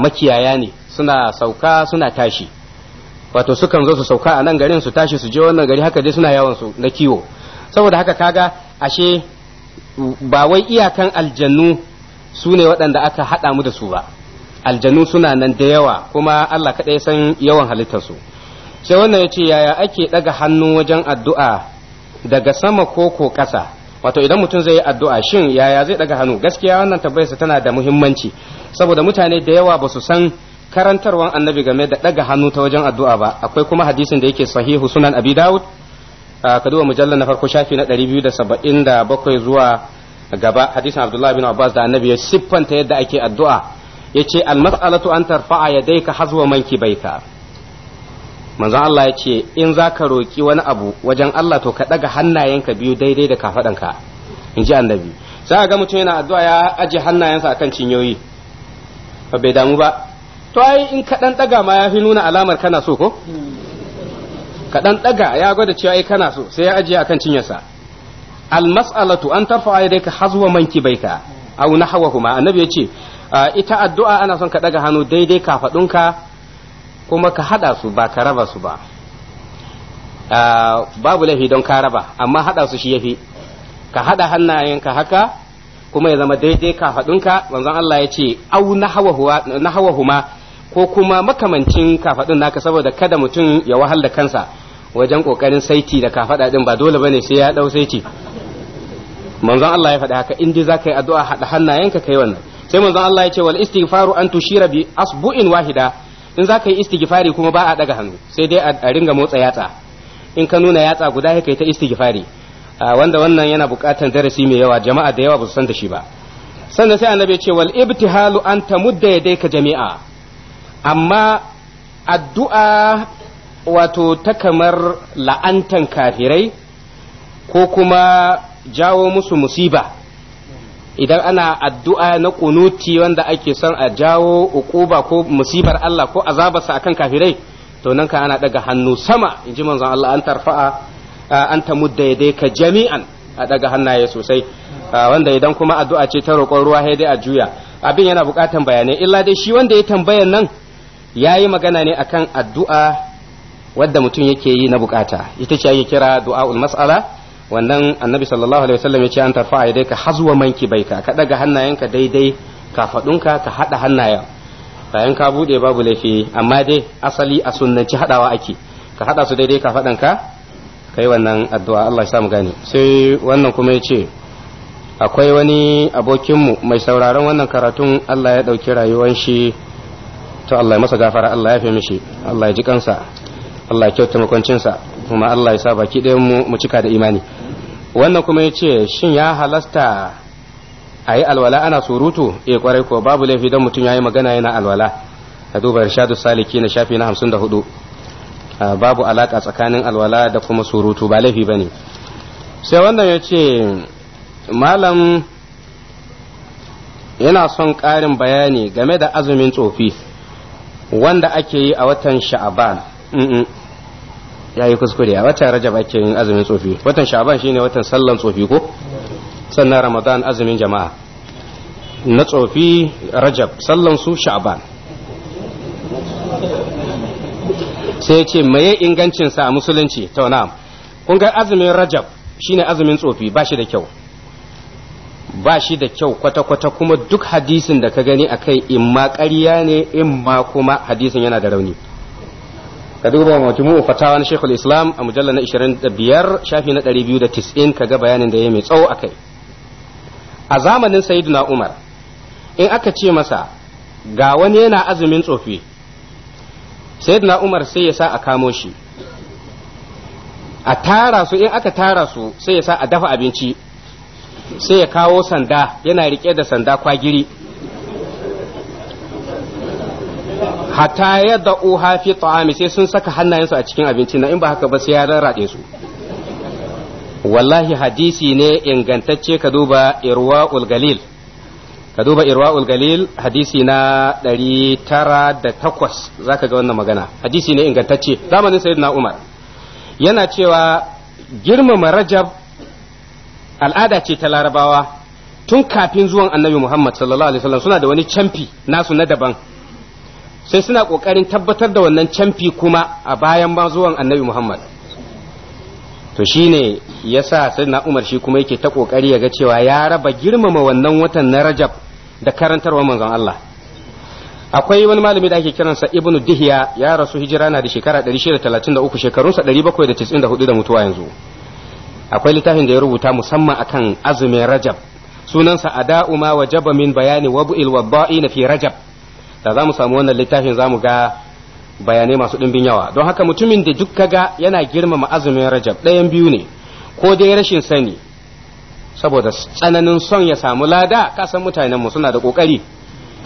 makiyaya ne suna sauka suna tashi wato sukan zo su sauka a nan garin su tashi su je wannan gari haka dai suna yawon su na kiwo saboda haka kaga ashe ba wai iyakan aljannu su ne waɗanda aka haɗa mu da su ba aljannu suna nan da yawa kuma Allah kaɗai san yawan halittarsu sai wannan ya ce yaya ake ɗaga hannu wajen addu'a daga sama ko ko ƙasa wato idan mutum zai yi addu'a shin yaya zai ɗaga hannu gaskiya wannan tambayarsa tana da muhimmanci saboda mutane da yawa ba su san karantarwan annabi game da ɗaga hannu ta wajen addu'a ba akwai kuma hadisin da yake sahihu sunan abi dawud Ah, ka duba mujallar na farko shafi na 277 zuwa gaba hadisin Abdullah bin Abbas da Annabi ya siffanta yadda ake addu'a yace al-mas'alatu an tarfa'a yadayka hazwa mankibaika manzon Allah ce in zaka roki wani abu wajen Allah to ka daga hannayenka biyu daidai da kafadanka inji Annabi sai ga mutum yana addu'a ya aje hannayensa akan cinyoyi ba bai damu ba to ai in ka ɗan ɗaga ma ya fi nuna alamar kana so ko hmm. ka dan daga ya gwada cewa ai kana so sai ya ajiye akan cinyarsa al mas'alatu an tarfa yadayka hazwa baika aw nahwahuma annabi yace ita addu'a ana son ka daga hannu daidai kafadunka kuma ka hada su ba ka raba su ba babu laifi don ka raba amma hada su shi yafi ka hada hannayenka haka kuma ya zama daidai kafadunka manzon Allah ya ce au nahwahuma ko kuma makamancin kafadun naka saboda kada mutum ya wahal da kansa wajen kokarin saiti da kafada din ba dole bane sai ya dau saiti manzon Allah ya faɗa haka in zaka yi addu'a hada hannayenka kai wannan sai manzon Allah ya ce wal istighfaru an tushira bi asbu'in wahida in zaka yi istighfari kuma ba a daga hannu sai dai a ringa motsa yatsa in ka nuna yatsa guda kai ta istighfari wanda wannan yana bukatan darasi mai yawa jama'a da yawa ba su san da shi ba sannan sai annabi ya ce wal ibtihalu an tamudda yadayka jami'a amma addu'a wato ta kamar la'antan kafirai ko kuma jawo musu musiba idan ana addu'a na kunuti wanda ake son a jawo ukuba ko musibar Allah ko azabarsa akan kafirai to nan ka ana daga hannu sama in ji manzon Allah an tarfa'a an ta mudda ka jami'an a daga hannaye sosai wanda idan kuma addu'a ce ta roƙon ruwa sai dai a juya abin yana buƙatan bayanai illa dai shi wanda ya tambayan nan yayi magana ne akan addu'a wadda mutum yake yi na bukata ita ce ake kira du'a'ul mas'ala wannan annabi sallallahu alaihi wasallam ya ce an tarfa ka hazwa manki baika ka daga hannayenka daidai kafadunka ka hada hannayen bayan ka bude babu laifi amma dai asali a sunnanci hadawa ake ka hada su daidai kafadanka kai wannan addu'a Allah ya samu gane sai wannan kuma ya ce akwai wani abokinmu mai sauraron wannan karatun Allah ya ɗauki rayuwan shi to Allah ya masa gafara Allah ya fi mishi Allah ya ji kansa Allah ya kyauta makwancinsa kuma Allah ya sa baki ɗayan mu mu cika da imani wannan kuma ya ce shin ya halasta a yi alwala ana surutu e kwarai ko babu laifi don mutum ya yi magana yana alwala a duba rashadu saliki na shafi na hamsin da hudu ah, babu alaka tsakanin alwala da kuma surutu ba laifi ba ne sai wannan ya ce malam yana son ƙarin bayani game da azumin tsofi wanda ake yi a watan sha'aban ya yi kuskure a watan rajab ake yin azumin tsofi watan sha'ban shine watan sallan tsofi ko sannan ramadan azumin jama'a na tsofi rajab sallan su sha'ban sai ce maye ingancin sa a musulunci ta na'am kun ga azumin rajab shine azumin tsofi ba shi da kyau ba shi da kyau kwata-kwata kuma duk hadisin da ka gani akai ma ƙarya ne in ma kuma hadisin yana da rauni ka duba majmu'u fatawa na Sheikhul Islam a mujalla na 25 shafi na 290 kaga bayanin da yayi mai tsawo kai. a zamanin Sayyidina Umar in aka ce masa ga wani yana azumin tsofi Sayyidina Umar sai ya sa a kamo shi a tara su in aka tara su sai ya sa a dafa abinci sai ya kawo sanda yana rike da sanda kwagiri hatta yadda uha fi ta'ami sai sun saka hannayensu a cikin abinci na in ba haka ba sai ya rarrade su wallahi hadisi ne ingantacce ka duba irwa'ul galil ka duba irwa'ul galil hadisi na 908 zaka ga wannan magana hadisi ne ingantacce zamanin sayyidina umar yana cewa girmama rajab al'ada ce ta larabawa tun kafin zuwan annabi muhammad sallallahu alaihi wasallam suna da wani camfi nasu na daban sai suna ƙoƙarin tabbatar da wannan camfi kuma a bayan zuwan annabi muhammad to shi ne sa yasa na umar shi kuma yake ta ƙoƙari ya ga cewa ya raba girmama wannan watan na rajab da karantarwa manzon Allah akwai wani malami da ake kiransa ibnu dihya ya rasu hijira na da shekara 633 shekarunsa 794 da mutuwa yanzu akwai littafin da ya rubuta musamman akan azumin rajab sunansa ada'u ma wajaba min bayani wabu'il na fi rajab da za mu samu wannan littafin za mu ga bayanai masu ɗimbin yawa don haka mutumin da duk ga yana girmama azumin rajab ɗayan biyu ne ko dai rashin sani saboda tsananin son ya samu lada kasan mutanen mu suna da kokari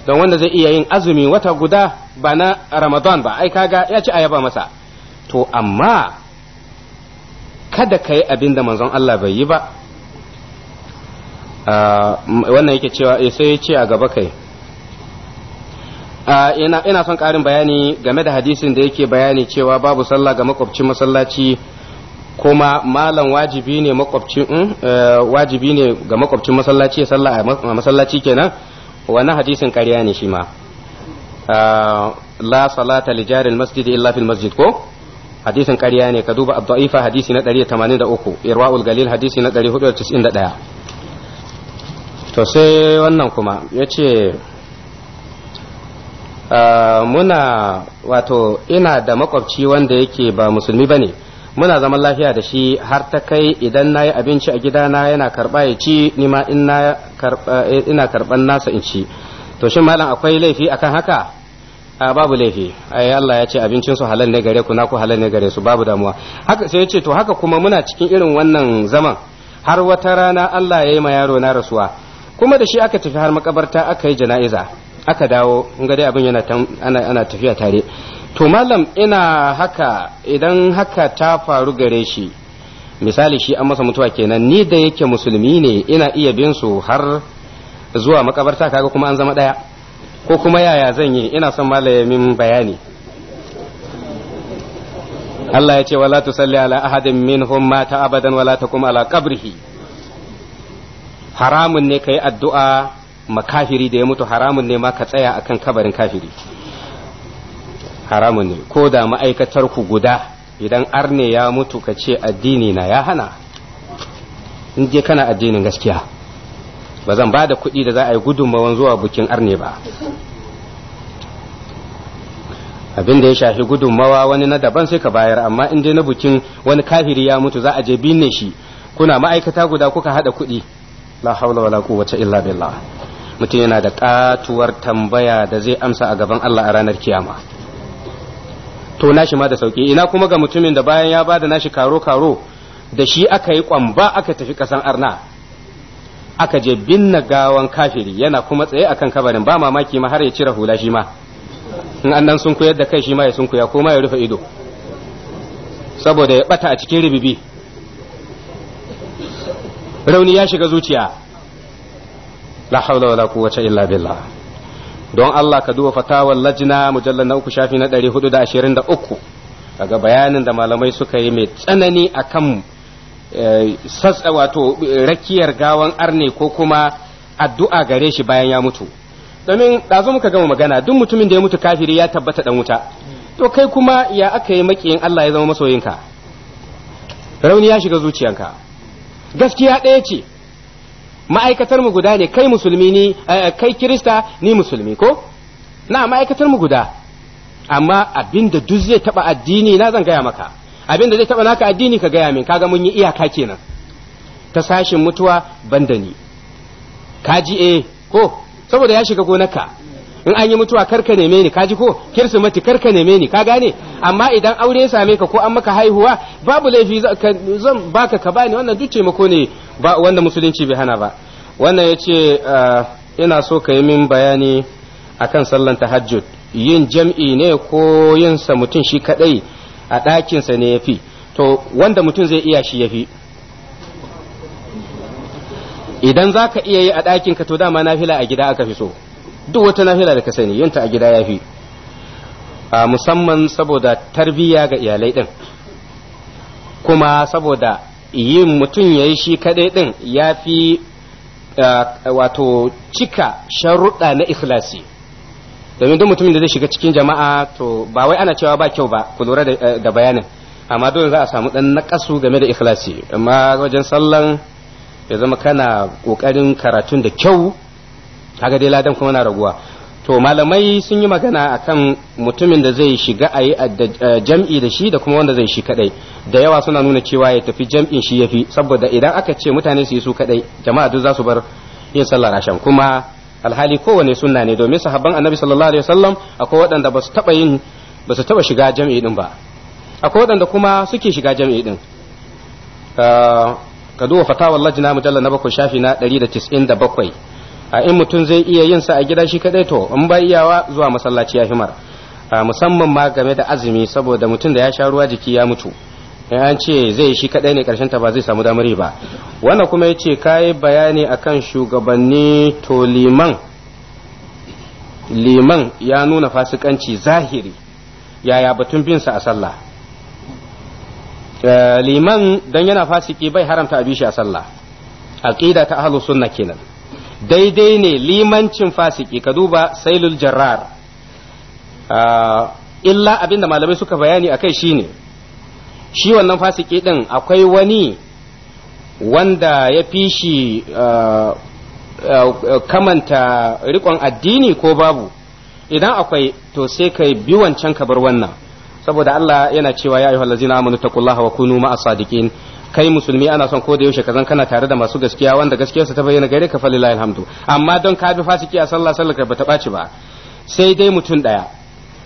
don wanda zai iya yin azumi wata guda ba na ramadan ba ai kaga ya ci ayaba masa to amma kada ka yi abin da manzon Allah bai yi ba ah, wannan yake cewa eh, sai ya ce a gaba kai Ah, ina ina son ƙarin bayani game da hadisin da yake bayani cewa babu sallah ga makwabcin masallaci kuma malam wajibi ne makwabcin hmm, eh, wajibi ne ga makwabcin masallaci sallah a masallaci kenan wannan hadisin ƙarya ne shi ma ah, la salata li jaril masjid illa fil masjid ko hadisin ƙarya ne ka duba ad-da'ifa hadisi na 183 irwaul galil hadisi na 491 to sai wannan kuma yace Eh, muna wato ina da makwabci wanda yake ba musulmi ba ne muna zaman lafiya da shi har ta kai idan na yi abinci a gidana yana karɓa ya ci nima eh, ina karɓar nasa in ci to shi malam akwai laifi akan haka a babu laifi ai Allah ya ce abincin su halal ne gare ku na ku halal ne gare su babu damuwa haka sai ya ce to haka kuma muna cikin irin wannan zaman har wata rana Allah ya yi ma yaro na rasuwa kuma da shi aka tafi har makabarta aka yi jana'iza aka dawo in ga dai abin yana ana tafiya tare to malam ina haka idan haka ta faru gare shi misali shi an masa mutuwa kenan ni da yake musulmi ne ina iya bin su har zuwa makabarta kaga kuma an zama daya ko kuma yaya zan yi ina son malamin bayani Allah ya ce wala tusalli ala ahadin minhum mata abadan wala taqum ala qabrihi haramun ne kai addu'a makafiri da ya mutu haramun ne ma ka tsaya akan kabarin kafiri haramun ne ko da ma'aikatar ku guda idan arne ya mutu ka ce addini na ya hana in je kana addinin gaskiya ba zan ba da kuɗi da za a yi gudunmawan zuwa bukin arne ba abin da ya shafi gudunmawa wani na daban sai ka bayar amma in dai na bukin wani kafiri ya mutu za a je binne shi kuna ma'aikata guda kuka haɗa kuɗi la haula wala quwwata illa billah mutum yana da katuwar tambaya da zai amsa a gaban Allah a ranar kiyama to nashi ma da sauki ina kuma ga mutumin da bayan ya bada nashi karo karo da shi aka yi kwamba aka tafi kasan arna aka je binne gawan kafiri yana kuma tsaye akan kabarin ba mamaki ma har ya cire hula shi ma in an sun sunkuyar da kai shi ma ya sunkuya ko ma ya rufe ido saboda ya ɓata a cikin ribibi rauni ya shiga zuciya la haula wala quwwata illa billah don Allah ka duba fatawar lajna mujallal na uku shafi na 423 daga bayanin da malamai suka yi mai tsanani akan sassa wato rakiyar gawan arne ko kuma addu'a gare shi bayan ya mutu domin ɗazu muka gama magana duk mutumin da ya mutu kafiri ya tabbata dan wuta to kai kuma ya aka yi makiyin Allah ya zama masoyinka rauni ya shiga zuciyanka gaskiya ɗaya ce ma'aikatar mu guda ne kai musulmi ni eh, eh, kai kirista ni musulmi ko na ma'aikatar mu guda amma abinda duk zai taba addini na zan gaya maka abinda zai taba naka addini ka gaya min kaga mun yi iyaka kenan ta sashin mutuwa banda ni kaji eh ko saboda ya shiga gonarka in an yi mutuwa karka neme ni kaji ko kirsimati karka neme ni ka gane amma idan aure ya same ka ko an maka haihuwa babu laifi zan baka ka bani wannan duk taimako ne ba wanda musulunci bai hana ba wannan ya ce ah, ina so ka yi min bayani akan sallan tahajjud yin jam'i ne ko yin sa mutum shi kadai a ɗakinsa ne yafi to wanda mutum zai iya shi yafi. idan za ka iya yi a ɗakinka to dama nafila a gida aka fi so duk wata nafila da ka sani yinta a gida ya fi ah, musamman saboda tarbiyya ga iyalai din kuma saboda yin mutum ya yi shi kaɗai ɗin ya fi eh, wato cika sharuɗa na ikhlasi domin duk mutumin da zai shiga cikin jama'a to ba wai ana cewa ba kyau ba ku lura eh, da bayanin amma dole za a samu ɗan naƙasu game da ikhlasi amma wajen sallan ya zama kana ƙoƙarin karatun da kyau kaga dai ladan kuma na raguwa to malamai sun yi magana akan mutumin da zai shiga a yi eh, jam'i da shi da kuma wanda zai shi kadai da yawa suna nuna cewa ya tafi jam'in shi yafi saboda idan aka ce mutane su yi su kadai jama'a duk za su bar yin sallar ashan kuma alhali kowane sunna ne domin sahabban annabi sallallahu alaihi wasallam akwai waɗanda ba su taba yin ba su taba shiga jam'i din ba akwai waɗanda kuma suke shiga jam'i din eh, ka duba fatawar lajina mujalla na bakwai shafi na 197 a in mutum zai iya yin sa a gida shi kadai to in ba iyawa zuwa masallaci ya himar musamman ma game da azumi saboda mutum da ya sha ruwa jiki ya mutu an ce zai shi kadai ne karshen ta ba zai samu damari ba wannan kuma ya ce kayi bayani akan shugabanni to liman liman ya nuna fasikanci zahiri yaya batun bin sa a sallah eh, liman dan yana fasiki bai haramta a shi a sallah aqida ta ahlus sunna kenan daidai ne limancin fasiki ka duba sailul jarrar ah, illa abinda malamai suka bayani akai shine shi wannan fasiki din akwai wani wanda ya fi shi ah, ah, kamanta rikon addini ko babu idan akwai to sai kai bi wancan ka bar wannan saboda Allah yana cewa ya ayyuhallazina amanu taqullaha wa kunu ma'as sadiqin kai musulmi ana son ko da yaushe kazan kana tare da masu gaskiya wanda gaskiyarsa ta bayyana gare ka falilahi alhamdu amma don ka bi fasiki a sallah sallar ka bata baci ba sai dai mutum daya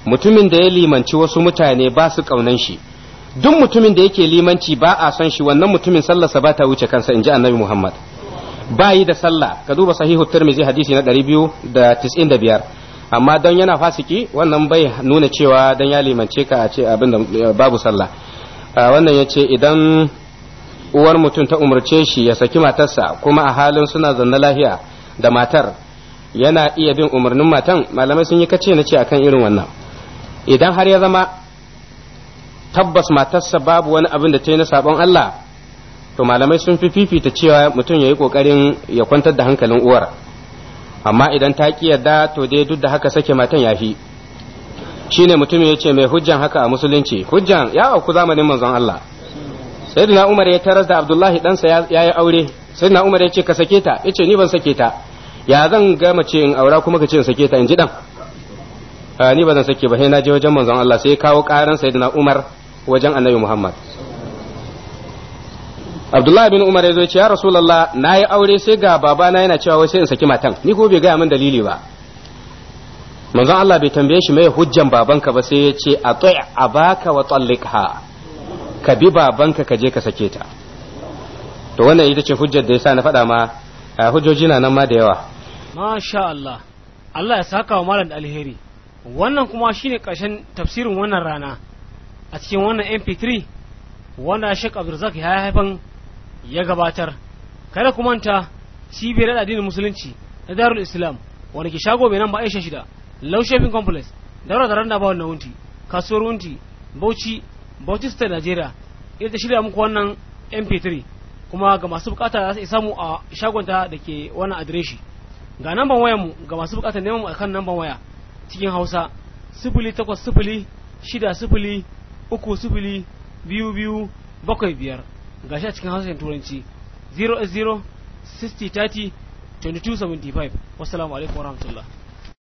mutumin da ya limanci wasu mutane ba su kaunan shi duk mutumin da yake limanci ba a son shi wannan mutumin sallarsa ba ta wuce kansa in ji annabi muhammad bayi da sallah ka duba sahihu tarmizi hadisi na 295 amma don yana fasiki wannan bai nuna cewa don ya limance ka a ce abinda babu sallah wannan ya idan uwar mutum ta umarce shi ya saki matarsa kuma a halin suna zanna lahiya da matar yana iya bin umarnin matan malamai sun yi kace na ce akan irin wannan idan har ya zama tabbas matarsa babu wani abin da ta yi na sabon Allah to malamai sun fi fifita cewa mutum ya yi kokarin ya kwantar da hankalin uwar amma idan ta ki yarda to dai duk da haka sake matan ya fi shine mutum ya ce mai hujjan haka a musulunci hujjan ya auku zamanin manzon Allah sayyidina umar ya tarar da abdullahi ɗansa ya yi aure sayyidina umar ya ce ka sake ta yace ni ban sake ta ya zan ga mace in aura kuma ka ce in sake ta in ji dan ah, ni ba zan sake ba sai na je wajen manzon Allah sai ya kawo karan sayyidina umar wajen annabi muhammad abdullahi bin umar ya zo ce ya rasulullah na yi aure sai ga babana yana cewa wai sai in saki matan ni ko bai gaya min dalili ba manzon Allah bai tambaye shi mai hujjan babanka ba sai ya ce a abaka wa tsallikha ka bi babanka ka je ka sake ta to wannan ita ce hujjar da yasa na faɗa ma eh, hujjoji na nan ma da yawa masha Allah Allah ya saka wa malam alheri wannan kuma shine ƙarshen tafsirin wannan rana a cikin wannan mp3 wanda Sheikh Abdulrazak ya haifan ya gabatar kada ku manta cibiyar addinin musulunci na Darul Islam wanda ke shago mai nan ba Aisha shida Low Shopping Complex daura da randa ba wannan wunti kasuwar wunti Bauchi Bautista State Nigeria ita shirya muku wannan MP3 kuma ga masu bukata za su mu a shagonta da ke wannan adireshi ga namban wayar mu ga masu bukata neman mu akan namban waya cikin Hausa shida 60 uku sifili biyu biyu bakwai biyar ga shi a cikin harshen turanci sixty thirty twenty two seventy five wasu alaikum warahmatullahi